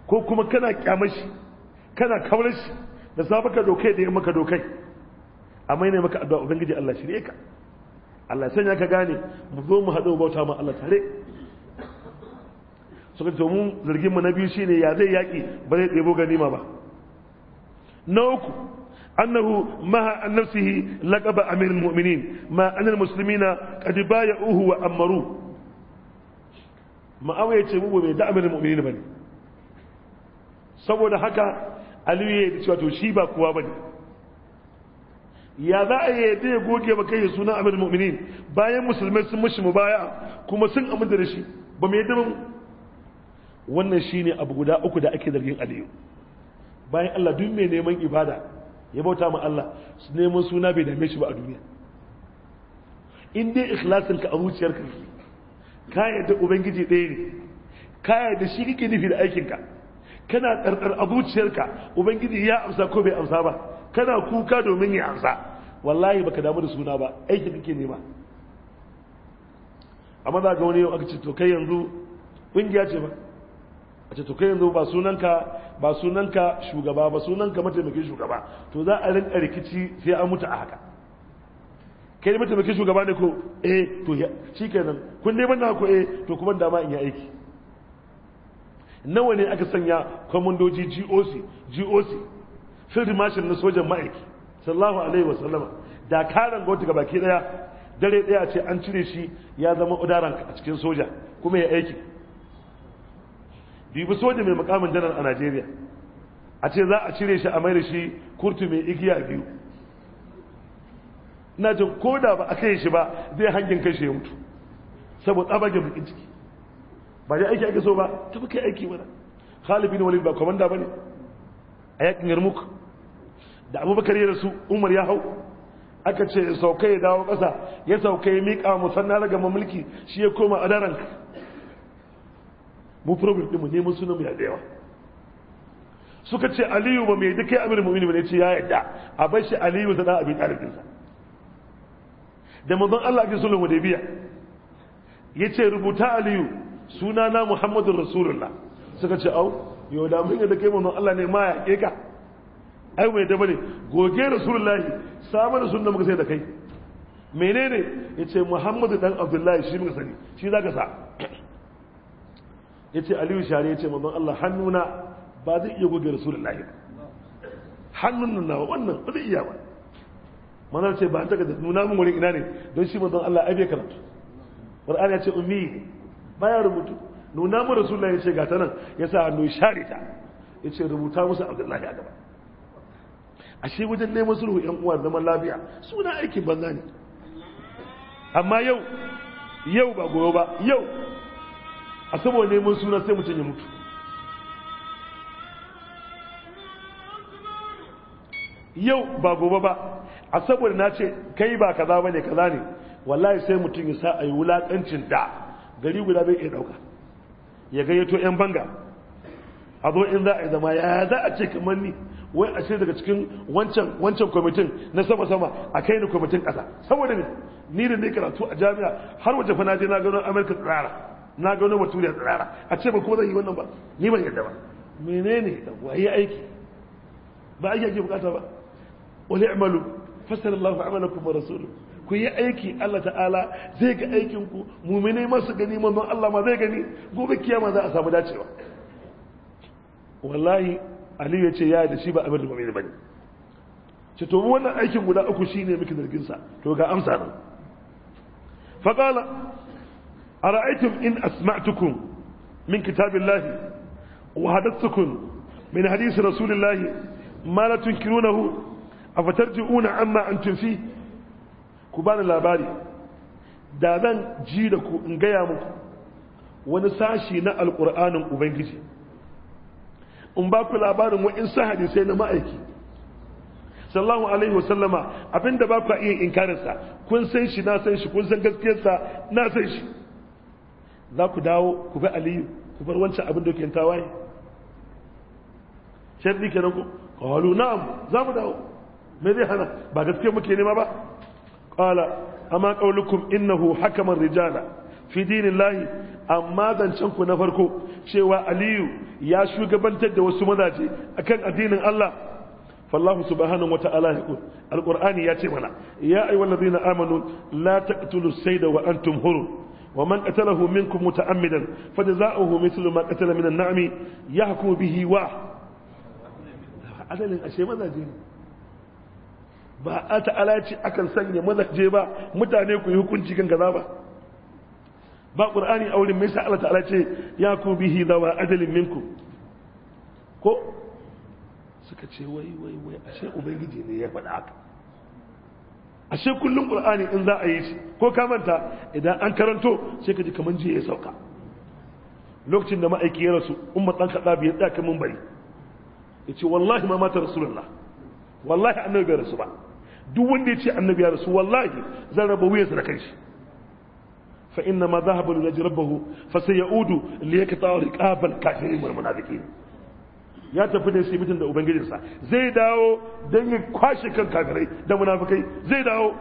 ko kuma kana kyamar shi kana kaunar shi da safe ka dokai da yin maka dokai amma yana maka addu'a ubangiji Allah shirye ka Allah sanya ka gane mu zo mu haɗu bauta ma Allah tare suka ce domin zargin mu na biyu shine ya zai yaki ba zai ɗebo ganima ba na uku أنه مع Lakaba نفسه لقب أمير المؤمنين ما أن المسلمين قد بايعوه وأمروه ma'awa ce mu bai da amirin mu'minin ba saboda haka aliyu ya yi cewa to shi ba kowa ba ne ya za a iya yadda ya goge ba kai sunan amirin mu'minin bayan musulmai sun mashi mu baya kuma sun aminta da shi ba mai yadda mu wannan shi ne abu guda uku da ake zargin aliyu bayan allah duk mai neman ibada ya bauta ma Allah su neman suna bai dame shi ba a duniya in dai ikhlasin ka a zuciyarka ka yadda ubangiji ɗaya ne ka yadda shi kake nufi da aikinka kana tsartsar a ka ubangiji ya amsa ko bai amsa ba kana kuka domin ya amsa wallahi baka damu da suna ba aiki kake nema amma za ga wani yau aka ce to kai yanzu ƙungiya ce ba a ce to kai yanzu ba sunanka ba sunanka shugaba ba sunanka mataimakin shugaba to za a rinka rikici sai an mutu a haka kai mataimakin shugaba ne ko eh to kenan kun dai banda ko eh to kuma dama in yi aiki nawa ne aka sanya kwamandoji GOC GOC field marshal na sojan ma'aiki Sallahu alaihi wa sallama da karan gwamnati ga baki daya dare daya ce an cire shi ya zama udaran a cikin soja kuma ya aiki dubi soja mai makamin janar a najeriya a ce za a cire shi a mai da shi kurtu mai igiya biyu na jin ko da ba a kai shi ba zai hangin kashe ya mutu saboda tsabagen bukin ciki ba ya aiki ake so ba fi kai aiki mana khalifi bin walid ba komanda ba ne a yakin yarmuk da abubakar ya su umar ya hau aka ce sauka ya dawo ƙasa ya sauka ya miƙa musanna daga mamulki shi ya koma a daren mu problem ɗinmu neman sunan mu ya da yawa suka ce aliyu ba mai dukai amir mu'mini ba ne ce ya yadda a bai shi aliyu zana abin sa da manzon Allah ke sulhu hudaybiya yace rubuta aliyu suna na muhammadur rasulullah suka ce au yau da mun da kai manzon Allah ne ma ya ke ka ai mai da bane goge rasulullahi samar sunan muka sai da kai menene yace muhammadu dan abdullahi shi muka sani shi zaka sa ya ce aliyu share ya ce mazan Allah hannuna ba zai iya goge rasulullahi ba hannun na wannan ba zai iya ba manar ce ba an taka da nuna mun wurin ina ne don shi mazan Allah ai bai karatu Qur'ani ya ce ummi ya rubutu nuna mu rasulullahi ya ce gata nan ya sa hannu share ta ya ce rubuta musu abdullahi a gaba ashe wajen neman sulhu yan uwa zaman lafiya suna aikin banza ne amma yau yau ba goyo ba yau a saboda neman suna sai mutum ya mutu yau ba gobe ba a saboda na ce kai ba kaza ba ne kaza ne wallahi sai mutum ya sa a yi wulaƙancin da gari guda bai iya ɗauka ya gayyato 'yan banga a zo in za a yi zama ya za a ce kamar ni wai a ce daga cikin wancan wancan kwamitin na sama-sama a kai ni kwamitin ƙasa saboda ne ni da ne karatu a jami'a har waje fana je na gano amurka tsara. na ga wani bature a tsirara a ce ba ko zai yi wannan ba ni ban yadda ba menene waye aiki ba aiki ake bukata ba wani amalu fasar Allah fa amala kuma rasulu ku yi aiki Allah ta'ala zai ga aikin ku mumine masu gani Allah ma zai gani gobe kiyama za a samu dacewa wallahi Ali ya ce ya da shi ba abin da mu'mini bane ce to wannan aikin guda uku shine muke zargin sa to ga amsa nan fa qala A in asmatukun min أسمعتكم من كتاب الله وحدثتكم من حديث رسول الله ما لا تنكرونه أفترجعون عما أنتم ku bani labari da zan ji da ku in gaya muku wani sashi na alkur'anin ubangiji in ba ku labarin wa'insu hadisai na ma'aiki sallahu alaihi wasallama abinda baku ku iya inkarinsa kun san shi na san shi kun san gaskiyarsa na san za ku dawo ku bi aliyu ku bar wancan abin da ke tawaye sharɗi kenan ku na amu. za mu dawo me zai hana ba gaskiya muke nema ba Ƙwala. amma qaulukum innahu hakama rijala fi lahi amma zancen ku na farko cewa aliyu ya shugabantar da wasu mazaje akan addinin Allah فالله سبحانه وتعالى يقول القرآن ياتي منا يا أيها الذين آمنوا لا تقتلوا السيد وأنتم هرم ومن قتله منكم متعمدا فجزاؤه مثل ما قتل من النعم يحكم به واحد adalin ashe mazaje ne ba a ta'ala ce akan sanya mazaje ba mutane ku yi hukunci kan gaza ba ba ƙur'ani aurin mai sa Allah ta'ala ce ya ku bihi dawa adalin minku ko suka ce wai wai wai ashe ubangiji ne ya faɗa haka ashe kullum qur'ani in za a yi shi ko ka manta idan an karanto sai ka ji kaman jiya ya sauka lokacin da ma'aiki ya rasu umma dan kada biyar da kan bari yace wallahi ma mata rasulullah wallahi annabi bai rasu ba duk wanda yace annabi ya rasu wallahi zan raba sa da kanshi fa inna ma dhahabu li rabbahu fa sayaudu li yakta riqabal kafirin wal munafiqin ya tafi da shi mutum da ubangijinsa zai dawo don kwashe kan kafirai da munafukai zai dawo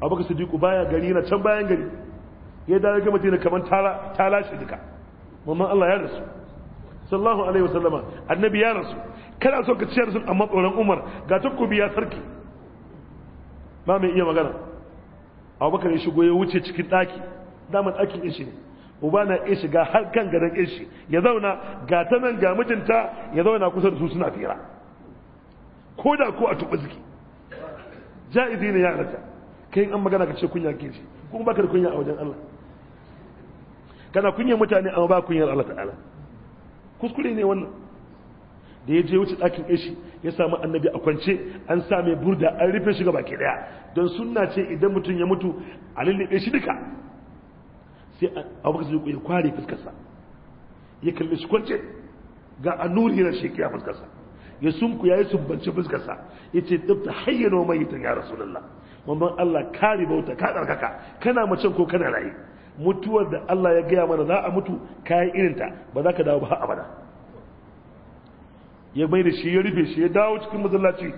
abubakar sadiku baya gari na can bayan gari ya dawo ga mutum kamar ta lashe duka mamman Allah ya rasu Sallahu alaihi wasallama annabi ya rasu Kada so ka ciyar sun amma tsoron umar ga takobi ya sarki ba mai iya magana baka ya shigo ya wuce cikin daki damar ɗakin ishi ne uba na iya shiga har kan gadon ishi ya zauna ga ta nan ga mijinta ya zauna kusa da su suna fira ko da ko a tuɓa ziki ja'izi ne ya halatta kai an magana ka ce kunya ke ce kuma ka da kunya a wajen Allah kana kunya mutane amma ba kunyar Allah ta'ala kuskure ne wannan da ya je wuce ɗakin ishi ya samu annabi a kwance an sa mai burda an rufe shi gaba ke daya don sunna ce idan mutum ya mutu a lullube shi duka sai abubakar siddiq ya kware fuskarsa ya kalli shi kwance ga nuri na shekiya fuskarsa ya sunku ya yi sumbanci fuskarsa ya ce duk da hayyano mai ta ya lalla mamman allah kare bauta ka ɗarkaka kana macen ko kana raye mutuwar da allah ya gaya mana za a mutu kayan irinta ba za ka dawo ba ha'a abada ya mai da shi ya rufe shi ya dawo cikin masallaci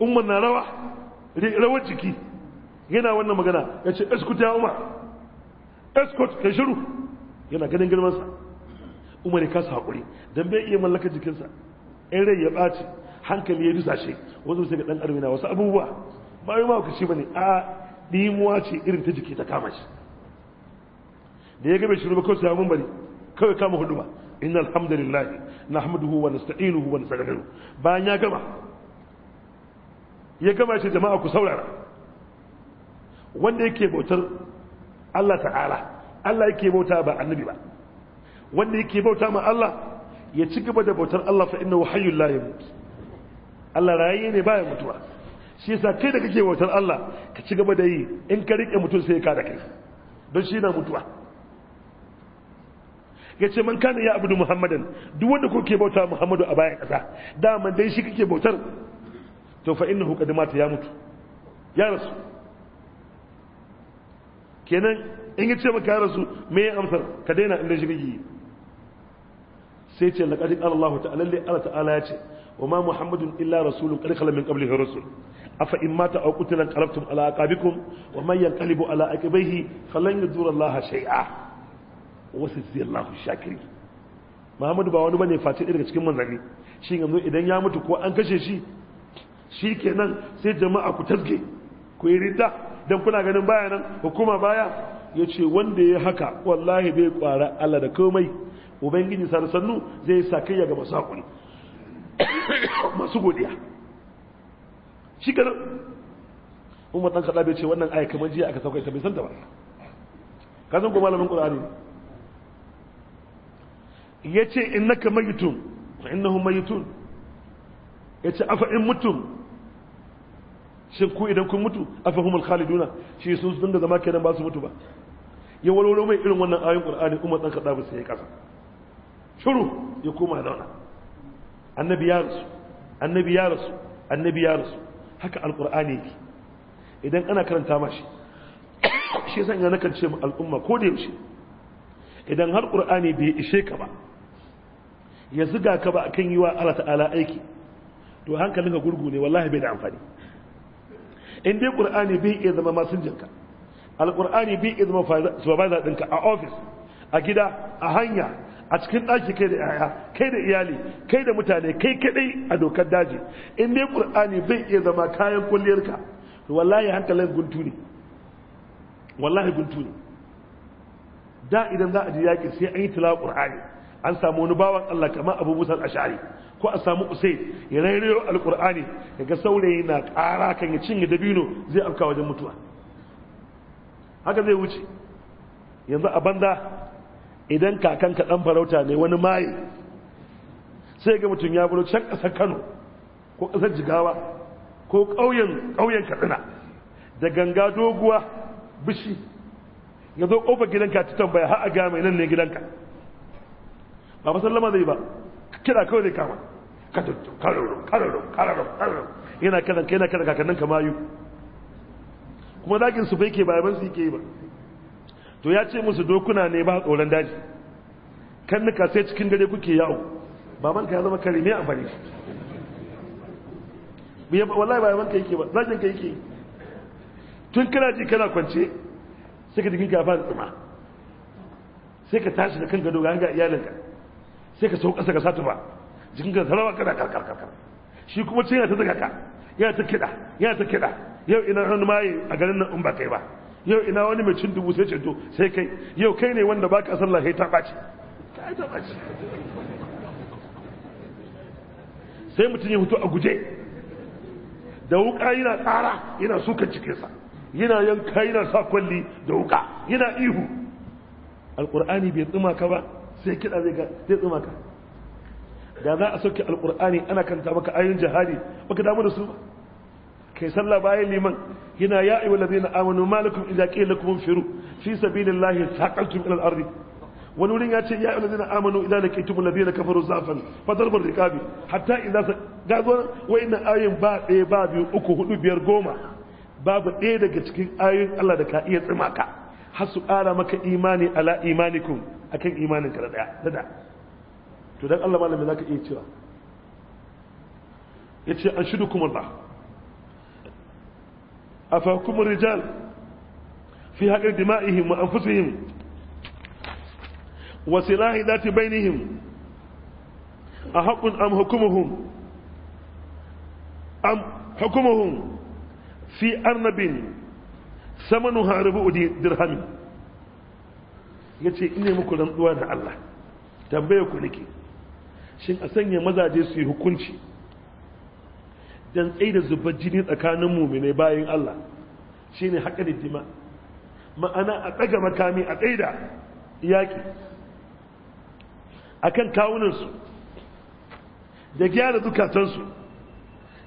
umar na rawa rawar jiki yana wannan magana ya ce eskuta umar escort kai shiru yana ganin girmansa umar ya kasa haƙuri don bai iya mallaka jikinsa in rai ya ɓaci hankali ya shi wasu sai ga ɗan armina wasu abubuwa ba yi ma kashi ba ne a ɗimuwa ce irin ta jiki ta kama shi da ya gabe shiru ba kawai samun bari kawai kama huduma ba inna alhamdulillah na hamduhu wa nasta'inuhu wa nastaghfiruh bayan ya gama ya gama shi jama'a ku saurara wanda yake bautar Allah ta'ala Allah yake bauta ba annabi ba wanda yake bauta ma Allah ya ci gaba da bautar Allah fa innahu hayyul la yamut Allah rayaye ne baya mutuwa shi yasa kai da kake bautar Allah ka ci gaba da yi in ka rike mutum sai ka da kai don shi na mutuwa ya ce man kana ya abudu muhammadan duk wanda kuke bauta muhammadu a bayan kasa dama dai shi kake bautar to fa innahu qad mata ya mutu ya rasu kenan in ya ce maka ya rasu me ya amsar ka daina inda shi kake sai ce laqad qala Allah ta'ala li Allah ta'ala ya ce wa ma muhammadun illa rasulun qad khala min qablihi rasul afa in mata aw qutila qalabtum ala aqabikum wa man yanqalibu ala aqibihi falan Allah shay'a wa Allah Muhammadu ba wani bane face daga cikin manzanni shi yanzu idan ya mutu ko an kashe shi shi kenan sai jama'a ku tasge ku yi don kuna ganin baya nan hukuma baya ya ce wanda ya haka wallahi bai kwara Allah da komai ubangiji sannu zai sakayya ga masu hakuri masu godiya shi kana umar dan kada bai ce wannan ayi kamar jiya aka sauka ita bai santa ba ka san ko malamin qur'ani yace innaka mayitun wa innahum mayitun yace afa in mutum shin ku idan kun mutu afahumul khaliduna shi sun sun da zama kenan ba su mutu ba ya walwalo mai irin wannan ayin qur'ani umar dan kada sai ya kasa shiru ya koma zauna annabi ya rasu annabi ya rasu annabi ya rasu haka alqur'ani yake idan ana karanta mashi shi yasa ina nakan ce mu al'umma ko da yaushe idan har qur'ani bai ishe ka ba ya zuga ka ba akan yi wa Allah ta'ala aiki to hankalinka gurgu ne wallahi bai da amfani in dai qur'ani bai iya zama masinjinka alqur'ani bai iya zama supervisor ɗinka a ofis, a gida a hanya a cikin ɗaki kai da yaya kai da iyali kai da mutane kai kadai a dokar daji in dai qur'ani bai iya zama kayan kulliyarka wallahi hankalin guntu ne wallahi guntu ne da idan za a ji yaƙi sai an yi tilawa qur'ani an samu wani bawan Allah kamar Abu Musa ashari ko a samu usai ya rairayo alkur'ani daga saurayi na ƙara kan ya cinye dabino zai afka wajen mutuwa haka zai wuce yanzu a banda idan kakan ka ɗan farauta ne wani maye sai ga mutum ya buro can ƙasar kano ko ƙasar jigawa ko ƙauyen katsina da ganga doguwa bishi ya zo ƙofar gidanka ta tambaya har a ga mai nan ne gidanka ba masallama zai ba kira kawai da kama katutu kararo kararo kararo kararo yana kanan kai na kanan kakannin kamayu kuma dakin su fai ke ba yaban su ke ba to ya ce musu dokuna ne ba tsoron daji kan nuka sai cikin dare kuke yawo baban ka ya zama kare a amfani shi wallahi ba yaban ka yake ba zagin ka yake tun kana ji kana kwance sai ka jikin kafa fara tsuma sai ka tashi da kan gado ga iyalinka sai ka sauka ka satu ba jikin ka sarawa kana karkar karkar shi kuma ce yana ta zaga ka yana ta kiɗa yana ta kiɗa yau ina wani maye a garin nan in ba kai ba yau ina wani mai cin dubu sai ceto sai kai yau kai ne wanda ba ka sallah sai ta ɓaci ta ɓaci sai mutum ya fito a guje da wuka yana tsara yana sukan cikinsa yana yanka yana sa kwalli da wuka yana ihu alƙur'ani bai tsuma ka ba sai kiɗa zai zai tsuma ka da za a sauke alƙur'ani ana kanta maka ayoyin jihadi baka damu da su ba kai sallah bayan liman yana ya ayyuhal ladina amanu malakum idza qila lakum firu fi sabilillahi thaqaltum ila al-ardi wani wurin ya ce ya ayyuhal ladina amanu idza laqitum ladina kafaru zafan fa darbar riqabi hatta idza ga wa ina ayin ba ɗaya ba biyu uku hudu biyar goma babu ɗaya daga cikin ayoyin Allah da ka iya tsima ka har su ƙara maka imani ala imanikum akan imanin ka da da to don Allah malami zaka iya cewa Ya ce an shudu kuma ba. Allah afakum rijal fi haqqi dima'ihim wa anfusihim wa silahi dati bainihim ahaqqun am hukumuhum am hukumuhum fi arnabin samanu udi dirhami ya ce ina muku rantsuwa da Allah tambaye ku nake shin a sanya mazaje su yi hukunci dan tsaye da zubar jini tsakanin mumine bayan Allah shi ne haƙa dima ma'ana a tsaga makami a tsaida yaki yaƙi a kan kawunansu da gyara zukatansu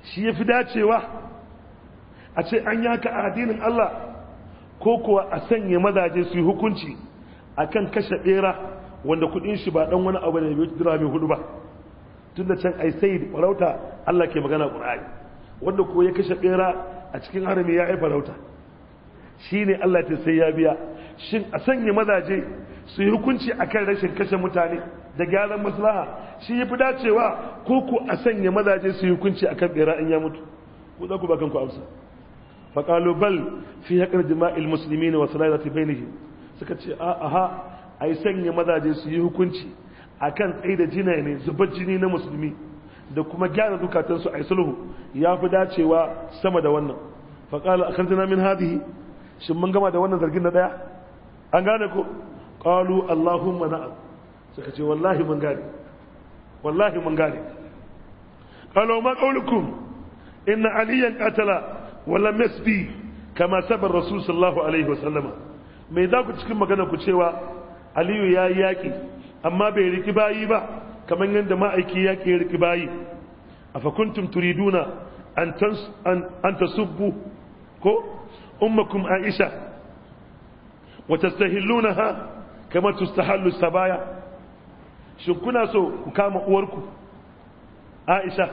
shi ya fi dacewa a ce an yaka a addinin Allah ko kuwa a sanya mazaje su yi hukunci akan kashe bera wanda kudin shi ba dan wani abu ne mai jira mai hudu ba tun da can ai sai farauta Allah ke magana Qur'ani wanda ko ya kashe bera a cikin harami ya ai farauta shine Allah ta sai ya biya shin a sanya mazaje su yi hukunci akan rashin kashe mutane da gyaran maslaha shi yafi dacewa ko ku a sanya mazaje su yi hukunci akan bera in ya mutu ku za ku ba kanku amsa faƙalu bal fi haƙar jima'il musulmi ne wasu lalata bainihi suka ce a aha a yi sanya mazaje su yi hukunci a kan tsaye da jina ne zubar jini na musulmi da kuma gyara dukatansu a yi sulhu ya fi dacewa sama da wannan faƙalu a kan min hadihi shi mun gama da wannan zargin na ɗaya an gane ko ƙalu allahumma na'am suka ce wallahi mun gane wallahi mun gane ƙalu ma ƙaulukum inna aliyan ƙatala ولم يسبي كما سبى الرسول صلى الله عليه وسلم mai za ku cikin magana ku cewa aliyu ya yi yaƙi amma bai riki bayi ba kamar yadda ma'aiki ya ya riki bayi a fakuntum turiduna an subbu ko ummakum aisha wata tastahilluna ha kamar tustahallu sabaya shin kuna so ku kama uwarku aisha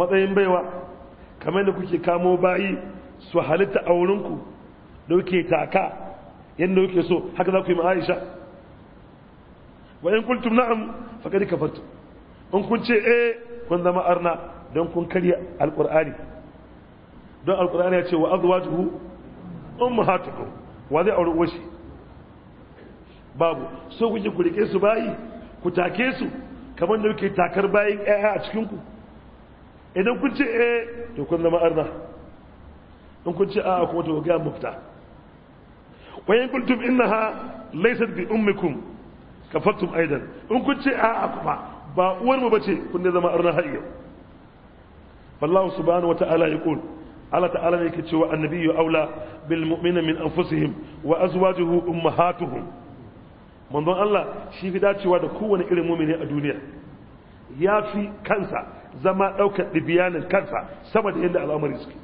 matsayin baiwa kamar da kuke kamo bayi su halitta a wurinku da kuke taka yadda kuke so haka za ku yi ma'aisha wa in kuntum na'am faqad kafartu in kun ce eh kun zama arna don kun karya alqur'ani don alqur'ani ya ce wa azwajuhu ummahatukum wa zai auri washi babu so kuke ku rike su bayi ku take su kamar da kuke takar bayin ƴaƴa a cikin ku idan kun ce eh to kun zama arna in kun ce a'a kuma to ga mufta wa in kuntum innaha laysat bi ummikum kafartum aidan in kun ce a'a kuma ba uwar mu bace kun ne zama arna har yau wallahu subhanahu wa ta'ala yaqul Allah ta'ala ne yake cewa annabiyyu aula bil mu'mina min anfusihim wa azwajuhu ummahatuhum manzon Allah shi fi dacewa da kowane irin mumini a duniya ya fi kansa zama ɗaukar ɗibiyanin kansa sama da yadda al'amari suke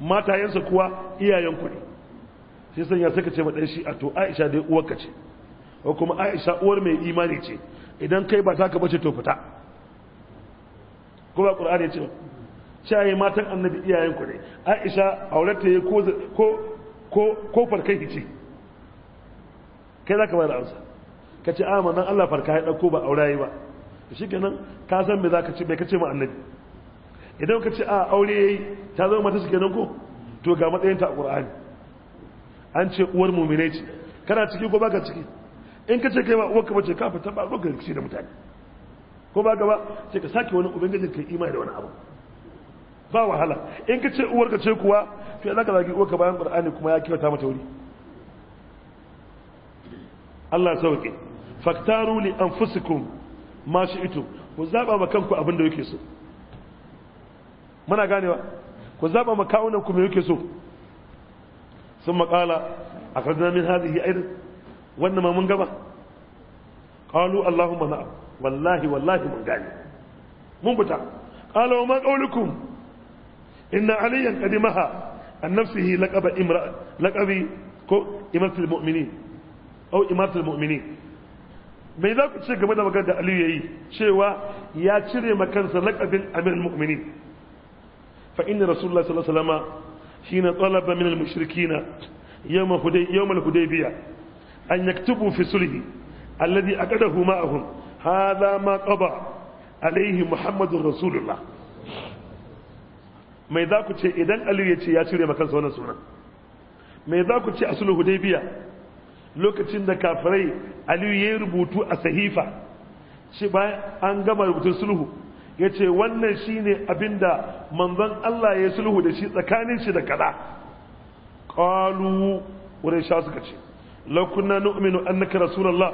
matayensa kuwa iyayen kuɗi san sanya saka ce ma maɗan shi a to aisha dai uwarka ce ko kuma aisha uwar mai imani ce idan kai ba ta ka bace to fita Kuma ba ƙur'an ya ce ba matan annabi iyayen kuɗi aisha aurata ya ko ko ko farkai ce kai za ka bayar amsa ka ce a ah, manzan allah farka ya ɗauko ba aurayi ba shi ganin ka san me za ka ce bai ka ce ma annabi idan ka ce a aure yi ta zama mata shi kenan ko to ga matsayinta a ƙura'ani an ce uwar mummina ce kana ciki ko baka ciki in ka ce kai ba uwarka bace ka fita ba ka rikici da mutane ko ba ka ba sai ka sake wani ubangijin kai imani da wani abu ba wahala in ka ce uwar ka ce kuwa to ya zaka zagi ka bayan ƙura'ani kuma ya ta mata wuri Allah sauke faktaru li anfusikum ma ito ku zaɓa ma kanku abin da yake so muna ganewa ku zaɓa ma kawunan ku me yake so sun maƙala a ƙarfina min hazihi aida wannan ma mun gaba ƙalu allahu na'am wallahi wallahi mun gane mun fita ƙala ma ƙaunukum inna aliyan qadimaha an nafsihi laƙabi ko imatul mu'minin aw imatul mu'minin mai za ku ce game da magana da aliyu ya yi cewa ya cire makansa laƙabin amir mu'minin fa inna rasulullah sallallahu alaihi wasallam hina talaba min al-mushrikina yawm hudai yawm al-hudaybiyah an yaktubu fi sulhi alladhi aqadahu ma'ahum hadha ma qada Alayhi muhammadur rasulullah mai za ku ce idan aliyu ya ce ya cire makansa wannan sunan mai za ku ce a sulhu hudaybiyah lokacin da kafirai aliyu ya rubutu a sahifa shi ba an gama rubutun sulhu ya ce wannan shi ne abin da manzan Allah ya sulhu da shi tsakanin shi da kaɗa ƙalu wurin sha suka ce lakunna an annaka rasulullah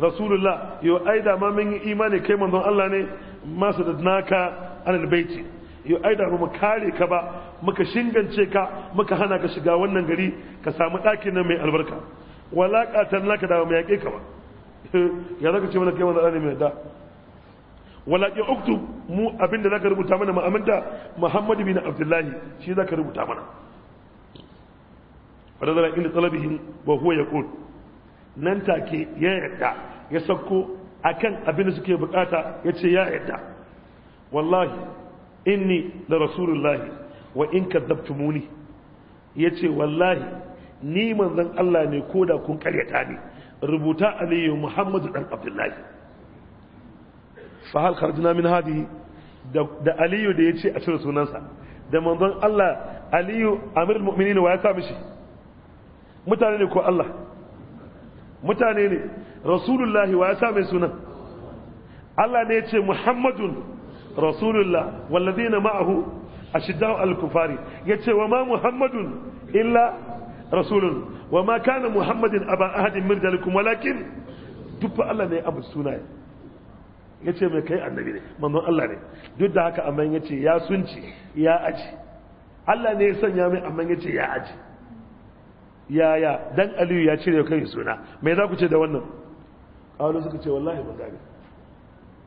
rasulullah yau da ma mun yi imani kai manzan Allah ne masu da naka anan baiti yau da mu kare ka ba muka shingance ka muka hana ka shiga wannan gari ka samu ɗakin nan mai albarka wala qatal da mai yake ka ba ya zaka ce mana kai wannan alimi da wala ki uktub mu abinda zaka rubuta mana mu aminta muhammad bin abdullahi shi zaka rubuta mana wanda zara ila talabihin wa huwa yaqul nan take ya yarda ya sako akan abin da suke bukata yace ya yarda wallahi inni da rasulullahi wa in kadabtumuni yace wallahi ni manzan Allah ne ko da kun karyata ne rubuta aliyu muhammadu dan abdullahi fa hal kharajna min hadi da aliyu da yace a cire sunansa da manzan Allah aliyu amirul mu'minin wa ya sa mishi mutane ne ko Allah mutane ne rasulullahi wa ya mai sunan Allah ne yace muhammadun rasulullah walladina ma'ahu ashiddau al-kufari yace wa ma muhammadun illa rasulun wa ma kana muhammadin aba ahadin min dalikum walakin duk fa Allah ne abu sunaye yace mai kai annabi ne manzon Allah ne duk da haka amma yace ya sunci ya aji Allah ne ya sanya mai amma yace ya aji ya ya dan Aliyu ya cire kai suna me za ku ce da wannan kawo suka ce wallahi ba gani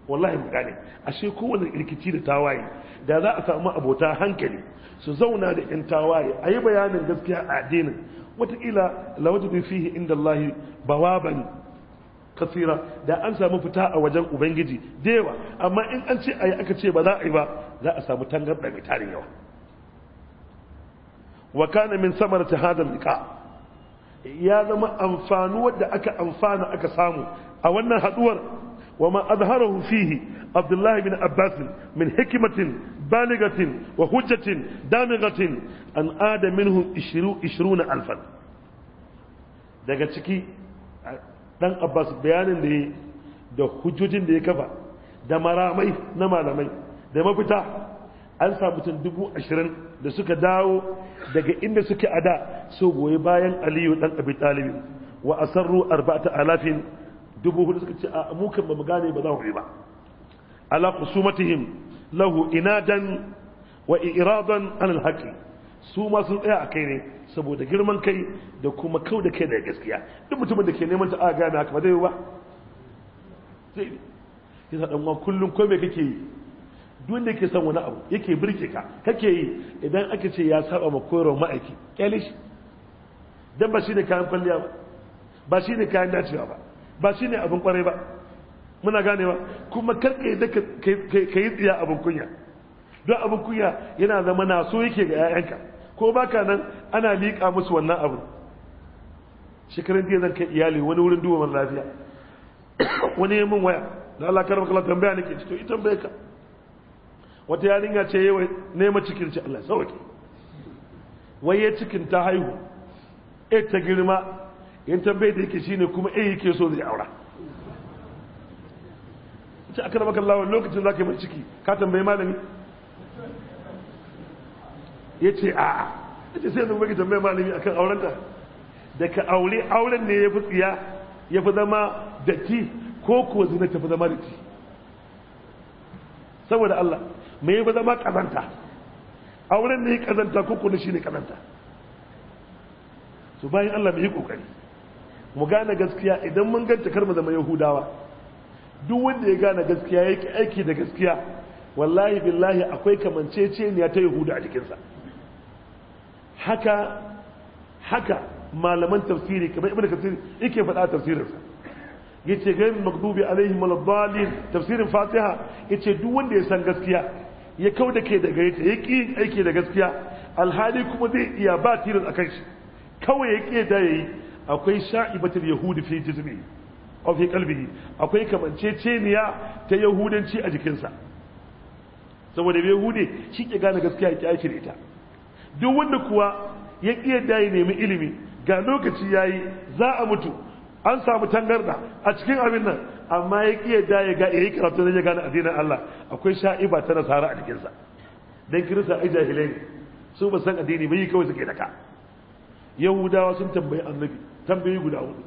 wallahi mu gane ashe kowane rikici da tawaye da za a samu abota hankali su zauna da yan tawaye a yi bayanin gaskiya a addinin watakila bi fihi inda Allah bawaban kasira da an samu fita a wajen ubangiji da amma in an ce ayi aka ce ba za a yi ba za a samu tangarɗa mai tarin yawa wa kana min samarati hadal liqa ya zama amfanuwar da aka amfana aka samu a wannan haduwar وما أظهره فيه عبد الله بن عباس من حكمة بالغة وحجة دامغة أن آد منهم عشرون ألفا daga ciki dan abbas bayanin da ya da hujjojin da ya kafa da maramai na malamai da mafita an samu mutum dubu ashirin da suka dawo daga inda suke ada so goyi bayan aliyu dan abi talibin wa asarru arba'ata alafin dubu hudu suka ce a mukan ba mu gane ba za mu yi ba ala qusumatihim lahu inadan wa iradan an alhaqi su ma sun tsaya a kai ne saboda girman kai da kuma kau da kai daga gaskiya duk mutumin da ke neman ta aga mai haka ba zai yi ba sai yasa dan uwa kullum ko me kake yi duk da ke son wani abu yake birke ka kake yi idan aka ce ya saba ma koyarwar ma'aiki kyalish dan ba shi ne kayan kwalliya ba ba shi ne kayan dacewa ba ba shi ne abin kwarai ba muna ganewa kuma karka daga ka yi tsiya abin kunya don abin kunya yana zama na so yake ga 'ya'yanka ko baka nan ana liƙa musu wannan abin. shekarun jiya zan kai iyali wani wurin duba mara lafiya wani yi min waya da Allah karar kala tambaya nake cikin to ita bai ka wata yarinya ce wa nema cikin ci Allah sauke wai ya cikin ta haihu e ta girma in tambaye da yake shi ne kuma eh yake so zai aura ce aka raba kallawa lokacin zaka yi mai ciki ka tambayi malami yace a a yace sai zan baki tambaye malami akan aurenta da ka aure auren ne yafi tsiya yafi zama datti ko kuwa zina tafi zama datti saboda Allah me yafi zama kazanta auren ne kazanta ko ne shine kazanta su bayan Allah mai yi kokari mu gane gaskiya idan mun ganta kar mu zama yahudawa duk wanda ya gane gaskiya yake aiki da gaskiya wallahi billahi akwai kamanceceniya ta yahuda a jikinsa haka haka malaman tafsiri kamar ibnu kathir yake faɗa tafsirin sa yace ga magdubi alaihi waladdallin tafsirin fatiha yace duk wanda ya san gaskiya ya kauda kai daga yake ya ki aiki da gaskiya alhali kuma zai iya ba tirin akan shi kawai ya ki da yayi akwai sha'ibatul yahudi fi jizmi aw fi qalbihi akwai kamanceceniya ta yahudanci a jikinsa saboda bai yahude shi ke gane gaskiya ki aiki da ita duk wanda kuwa ya ƙi ya nemi ilimi ga lokaci yayi za a mutu an samu tangarda a cikin abin nan amma ya ƙi ya ga yayi karatu da ya gane addinin Allah akwai sha'iba ta nasara a jikinsa dan kirista ai jahilai su ba san addini ba yi kawai suke daka yahudawa sun tambayi annabi tambayi guda hudu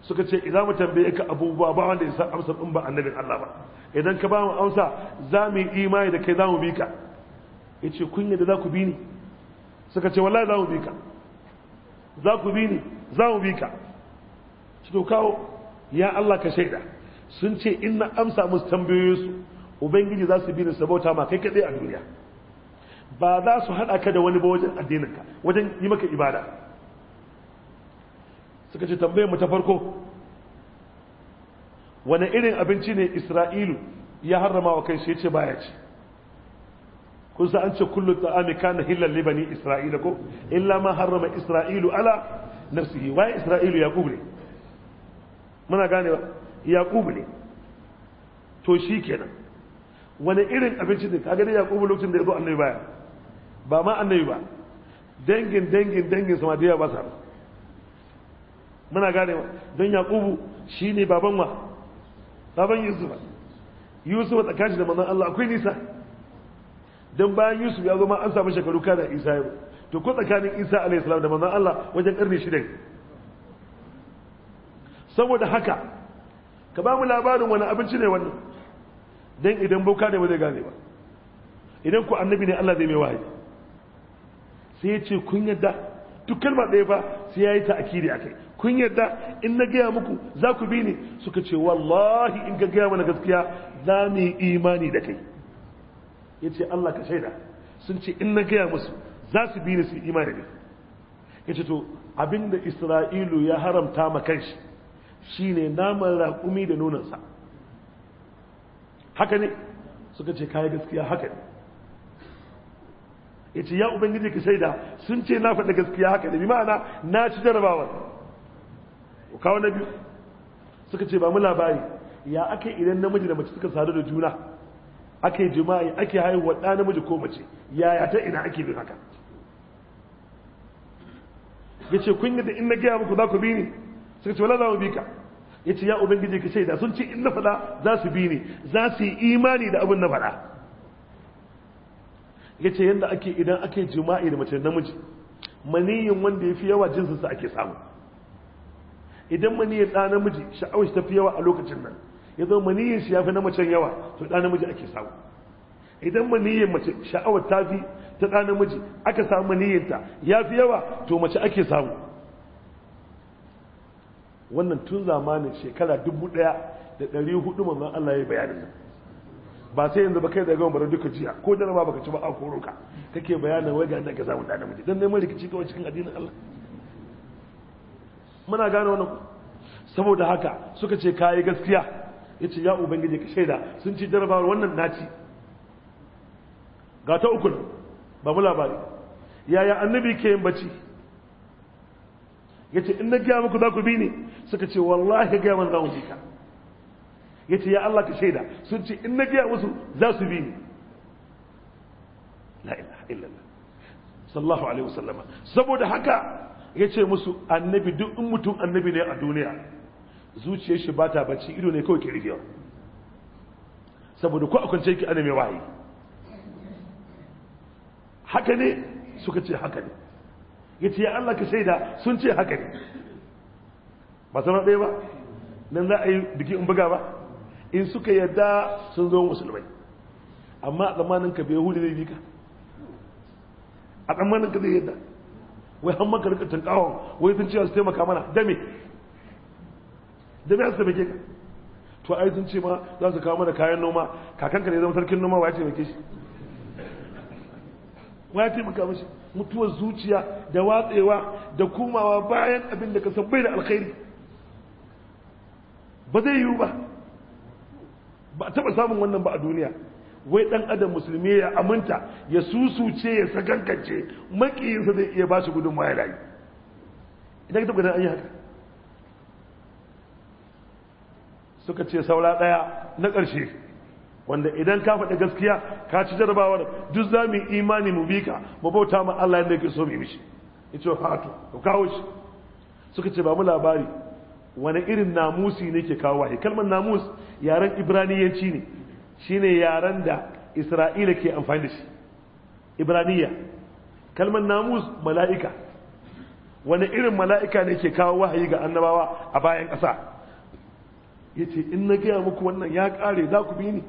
suka ce idan mu tambaye ka abubuwa ba wanda ya san amsa din ba annabin Allah ba idan ka ba mu amsa za mu yi imani da kai za mu bi ka yace kun yadda za ku bi ni suka ce wallahi za mu bi ka za ku bi ni za mu bi ka shi to kawo ya Allah ka shaida sun ce in na amsa musu su ubangiji za su bi ni sabauta ma kai kadai a duniya ba za su haɗa ka da wani ba wajen addininka wajen yi maka ibada suka ce tambayar mu ta farko wani irin abinci ne isra'ilu ya harrama wa kai shi ya ce baya ci kun sa an ce kullu ta'ami kana hilal li bani isra'ila ko illa ma harrama isra'ilu ala nafsihi wa isra'ilu yaqub ne muna ba yaqub ne to shi kenan wani irin abinci ne kaga dai yaqub lokacin da ya zo annabi baya ba ma annabi ba dangin dangin dangin sama da ya ba sa muna gane don shi shine baban wa baban yusuf yusuf tsakashi da manzan Allah akwai nisa don bayan yusuf ya zama an samu shekaru kada isa yau to ko tsakanin isa alayhi da manzan Allah wajen karni shida saboda haka ka ba mu labarin wani abinci ne wannan don idan bauka ne ba zai gane ba idan ku annabi ne Allah zai mai wahayi sai ya ce kun yadda duk kalma ɗaya ba sai ya yi ta akiri a kai kun yarda in na gaya muku za ku bi ni suka ce wallahi in ka gaya mana gaskiya za mu yi imani da kai ya ce Allah ka shaida sun ce in na gaya musu za su bi ni su yi imani da kai ya ce to abinda isra'ilu ya haramta ma kanshi ne naman raƙumi da nunansa. haka ne suka ce kayi gaskiya haka ne ya ce ya ubangiji ka shaida sun ce na faɗa gaskiya haka ne bi ma'ana na ci jarabawar Ko kawo na biyu suka ce ba mu labari ya ake idan namiji da mace suka sadu da juna ake jima'i ake haihuwa ɗa namiji ko mace yaya ta ina ake bin haka ya ce kun in na gaya muku za ku bi ni suka ce wala za mu bi ka ya ce ya ubangiji ka shaida sun ce in na faɗa za su bi ni za su yi imani da abin na faɗa ya ce yadda ake idan ake jima'i da mace namiji maniyin wanda ya fi yawa jinsinsa ake samu idan maniyyar ɗa namiji sha'awar shi tafi yawa a lokacin nan ya zo maniyyar shi ya fi na macen yawa to ɗa namiji ake samu idan maniyyar mace sha'awar ta fi ta ɗa namiji aka samu maniyyarta ya fi yawa to mace ake samu wannan tun zamanin shekara dubu ɗaya da ɗari hudu mazan Allah ya yi bayanin nan ba sai yanzu ba kai daga bara duka jiya ko ba baka ci ba a koro ka kake bayanin wai ga inda ka samu ɗa namiji dan neman rikici kawai cikin addinin Allah muna gane wannan ku saboda haka suka ce kayi gaskiya ya ce ya ubangiji ka shaida sun ci jarabawar wannan naci ga ta uku ba mu labari yaya annabi ke yin bacci ya ce in na gaya muku za ku bi ne suka ce wallahi gaya mana za mu bi ka ya ce ya Allah ka shaida sun ce in na gaya musu za su bi ne la ilaha illallah sallallahu alaihi wasallama saboda haka ya ce musu annabi duk in mutum annabi ne a duniya zuciyar shi ba ta bacci ido ne kawai ke rufewa saboda ko a kwance ki ana waye wahayi haka ne suka ce haka ne ya ce ya Allah ka shaida sun ce haka ne ba sama ɗaya ba nan za a yi biki in buga ba in suka yadda sun zo musulmai amma a tsammanin ka bai hudu zai bika a tsammanin ka zai yadda wai han maka rika tunkawa wai sun ce su taimaka mana dame dame su taimake ka to ai sun ce ma za su kawo mana kayan noma kakanka ne zama sarkin noma wa ya taimake shi wa ya taimaka mashi mutuwar zuciya da watsewa da kumawa bayan abin da ka san bai da alkhairi ba zai yiwu ba ba a taɓa samun wannan ba a duniya wai dan adam musulmi ya aminta ya susuce ya sakankance makiyinsa zai iya ba shi gudun ya rayu idan ka tabbatar an yi haka suka ce saura daya na ƙarshe wanda idan ka faɗi gaskiya ka ci jarabawar duk za mu imani mu bi ka mu bauta ma Allah yadda yake so mu mishi ya ce fatu ka kawo shi suka ce ba mu labari wani irin namusi ne ke kawo wahi kalmar namus yaren ibraniyanci ne shine yaren da isra'ila ke amfani da shi ibraniya kalmar namus mala'ika wani irin mala'ika ne ke kawo wahayi ga annabawa a bayan ƙasa ya ce in na gaya muku wannan ya ƙare za ku bi ni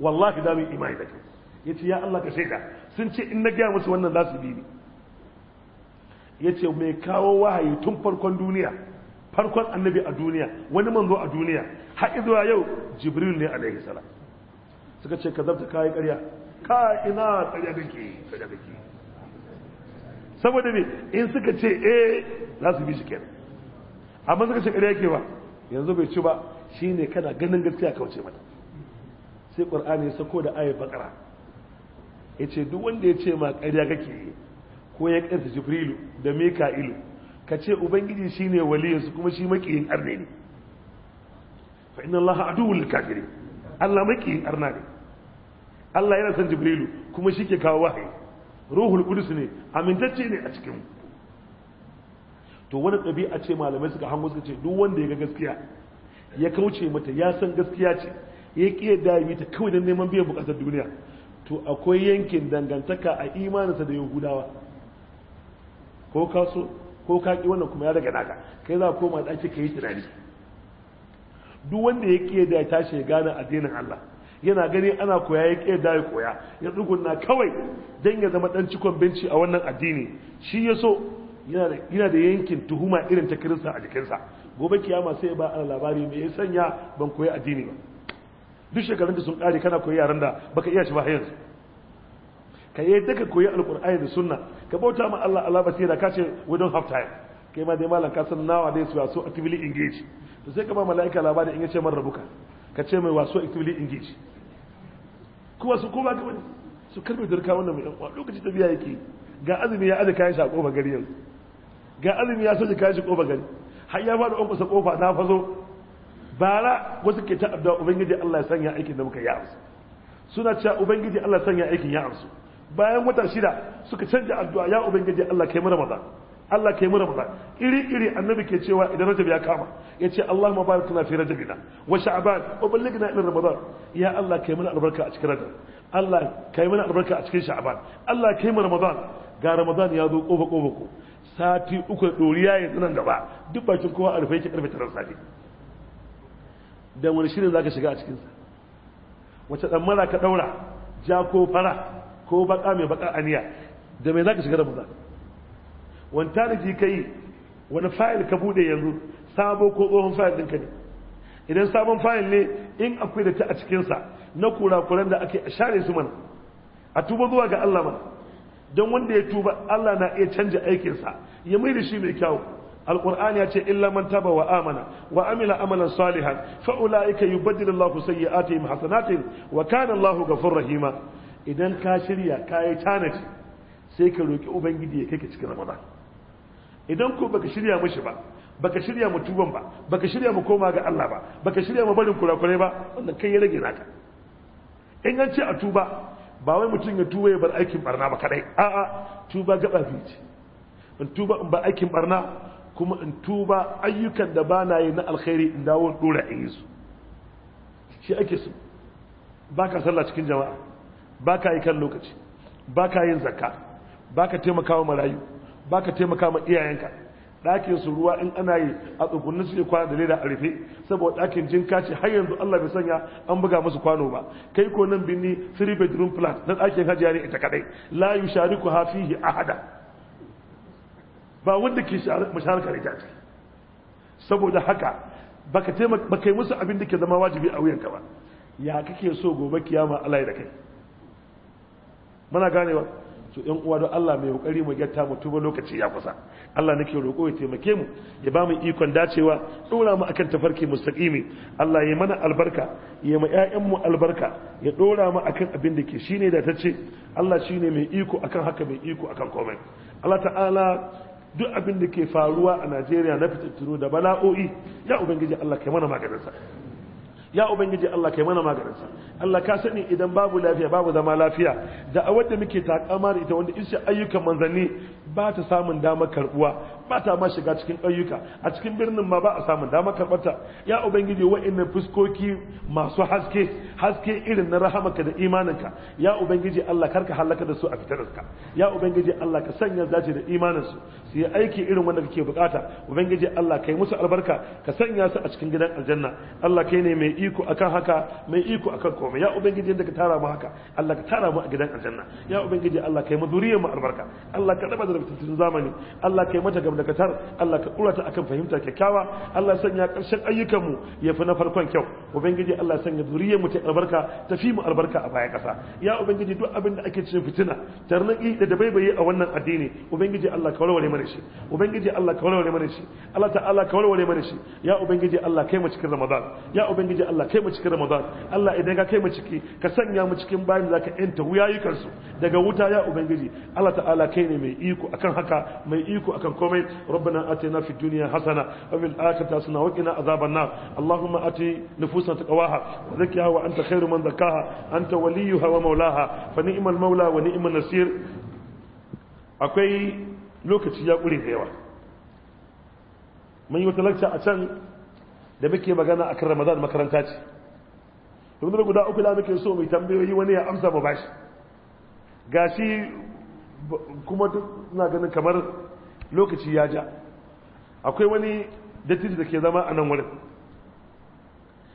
Wallafi za mu imani da kai ya ce ya Allah ka shaida sun ce in na gaya musu wannan za su bi ni ya ce mai kawo wahayi tun farkon duniya farkon annabi a duniya wani manzo a duniya har zuwa yau jibril ne alaihi salam suka ce ka zabta kayi ƙarya ka ina ƙarya kake ƙarya saboda me in suka ce eh za su bi shi kenan amma suka ce ƙarya yake ba yanzu bai ci ba shine kana ganin gaskiya kauce mata sai qur'ani ya sako da ayat bakara yace duk wanda ya ce ma ƙarya kake ko ya ƙarsa jibrilu da mika'ilu ka ce ubangiji shi ne waliyinsu kuma shi makiyin arne ne fa inna allaha aduwwul kafiri allah makiyin arna ne allah yana son jibrilu kuma shi ke kawo wahayi ruhul qudus ne amintacce ne a cikin to wani ɗabi'a ce malamai suka hango suka ce duk wanda ya ga gaskiya ya kauce mata ya san gaskiya ce ya ƙi dami ta kawai don neman biyan bukatar duniya to akwai yankin dangantaka a imaninsa da yahudawa ko kaso ko ka wannan kuma ya daga naka kai za ka koma daki ka yi tunani duk wanda ya ƙi da ya tashi ya gane addinin Allah yana gani ana koya ya ƙi da ya koya ya tsugunna kawai dan ya zama dan cikon binci a wannan addini shi ya so yana da yankin tuhuma irin ta kirista a jikinsa gobe kiyama sai ba ana labari me ya sanya ban koya addini ba duk shekarun da sun kare kana koyi yaran da baka iya shi ba yanzu ka yi daga koyi alkur'ani da sunna ka bauta ma Allah Allah basira ka ce we don't have time kai ma dai malam ka san nawa dai su are so actively engage to sai ka ba mala'ika labarin in ya ce man rabuka ka ce mai waso actively engage. ku su ko ba ka bane su karbe durka wannan mai wa lokaci tafiya yake ga azumi ya aje kayan shako a gari yanzu ga azumi ya soje kayan shi ba gari har ya an kusa kofa na fazo bara wasu ke ta abda ubangiji Allah ya sanya aikin da muka yi amsa suna cewa ubangiji Allah ya sanya aikin ya amsu bayan wata shida suka canja addu'a ya ubangiji Allah kai mu ramadan Allah kai mu ramadan iri iri annabi ke cewa idan rajab ya kama ya ce Allahumma barik lana fi rajabina wa sha'ban wa ballighna ila ramadan ya Allah kai mu albarka a cikin rajab Allah kai mu albarka a cikin sha'ban Allah kai mu ramadan ga ramadan ya zo kofa kofa ko sati uku da doriya yanzu nan gaba duk bakin kowa a rufe yake karfe 9 safe Da wani shirin zaka shiga a cikinsa wace dan mara ka daura ja ko fara ko baka mai baka aniya da mai zaka shiga da ramadan wani ji kai wani fayil ka bude yanzu sabo ko tsohon fayil ɗinka ne idan sabon fayil ne in akwai da ta a cikinsa na kurakuran da ake a share su mana a tuba zuwa ga Allah mana don wanda ya tuba Allah na iya canja aikinsa ya mai da shi mai kyau alqur'ani ya ce illa man taba wa amana wa amila amalan salihan fa ulaika yubaddilu Allahu sayyi'atihim hasanatin wa kana Allahu ghafurur rahima idan ka shirya ka yi tanaji sai ka roƙi ubangiji ya kai ka cikin ramadan idan ko baka shirya mishi ba baka shirya mu tuban ba baka shirya mu koma ga Allah ba baka shirya mu barin kurakurai ba wannan kai ya rage naka in an ce a tuba ba wai mutum ya tuba ya bar aikin barna ba kadai a'a tuba gaba biyu ce in tuba in ba aikin barna kuma in tuba ayyukan da ba na yi na alkhairi in dawo dora in yi su shi ake so ba sallah cikin jama'a ba ka yi kan lokaci ba ka yin zakka ba ka taimaka wa marayu ba ka taimaka wa iyayenka ɗakin su ruwa in ana yi a tsugunni suke kwana da leda a rufe saboda ɗakin jinka ce har yanzu Allah bai sanya an buga musu kwano ba kai ko nan binni three bedroom flat na ɗakin hajiya ne ita kadai la yushariku ha fihi hada ba wanda ke musharaka ita ce saboda haka baka taimaka ba yi musu abin da ke zama wajibi a wuyanka ba ya kake so gobe kiyama Allah ya da kai muna ganewa to ɗan uwa don Allah mai kokari mu gyatta mu tuba lokaci ya kusa Allah nake roƙo ya taimake mu ya ba mu ikon dacewa dora mu akan tafarki mustaqimi Allah ya mana albarka ya ma ƴaƴan mu albarka ya dora mu akan abin da ke shine da ta ce Allah shine mai iko akan haka mai iko akan komai Allah ta'ala duk abin da ke faruwa a Najeriya na fitattunu da bala'o'i ya ubangiji Allah kai mana maganinsa ya ubangiji Allah kai mana maganinsa Allah ka sani idan babu lafiya babu zama lafiya da a wadda muke takama da ita wanda isa ayyukan manzanni ba ta samun damar karbuwa ba ta ma shiga cikin ayyuka a cikin birnin ma ba a samu dama karbata ya ubangiji wa'annan fuskoki masu haske haske irin na rahamaka da imaninka ya ubangiji Allah karka halaka da su a fitararka ya ubangiji Allah ka sanya zaci da imanin su su yi aiki irin wanda kake bukata ubangiji Allah kai musu albarka ka sanya su a cikin gidan aljanna Allah kai ne mai iko akan haka mai iko akan komai ya ubangiji da ka tara mu haka Allah ka tara mu a gidan aljanna ya ubangiji Allah kai mu zuriyar mu albarka Allah ka raba da rubutun zamani Allah kai mata gamda dakatar Allah ka dura ta akan fahimta kyakkyawa Allah sanya ƙarshen ayyukanmu mu yafi na farkon kyau ubangiji Allah sanya zuriyar mu ta albarka tafi mu albarka a baya kasa ya ubangiji duk abin da ake cikin fitina tarnaki da dabaibaye a wannan addini ubangiji Allah ka warware mana shi ubangiji Allah ka warware mana shi Allah ta'ala ka warware mana shi ya ubangiji Allah kai mu cikin Ramadan ya ubangiji Allah kai mu cikin Ramadan Allah idan ka kai mu ciki ka sanya mu cikin bayan da zaka yanta wuyayukan su daga wuta ya ubangiji Allah ta'ala kai ne mai iko akan haka mai iko akan komai ربنا آتنا في الدنيا حسنة وفي الآخرة حسنة وقنا عذاب النار اللهم آت نفوسنا تقواها وزكها وأنت خير من زكاها أنت وليها ومولاها فنعم المولى ونعم النصير akwai lokaci ya ƙure da yawa mun yi wata lakta a can da muke magana a kan ramadan makaranta ce domin da guda uku da muke so mai tambayoyi wani ya amsa mu bashi gashi kuma na ganin kamar lokaci ya ja akwai wani dattijo da ke zama a nan wurin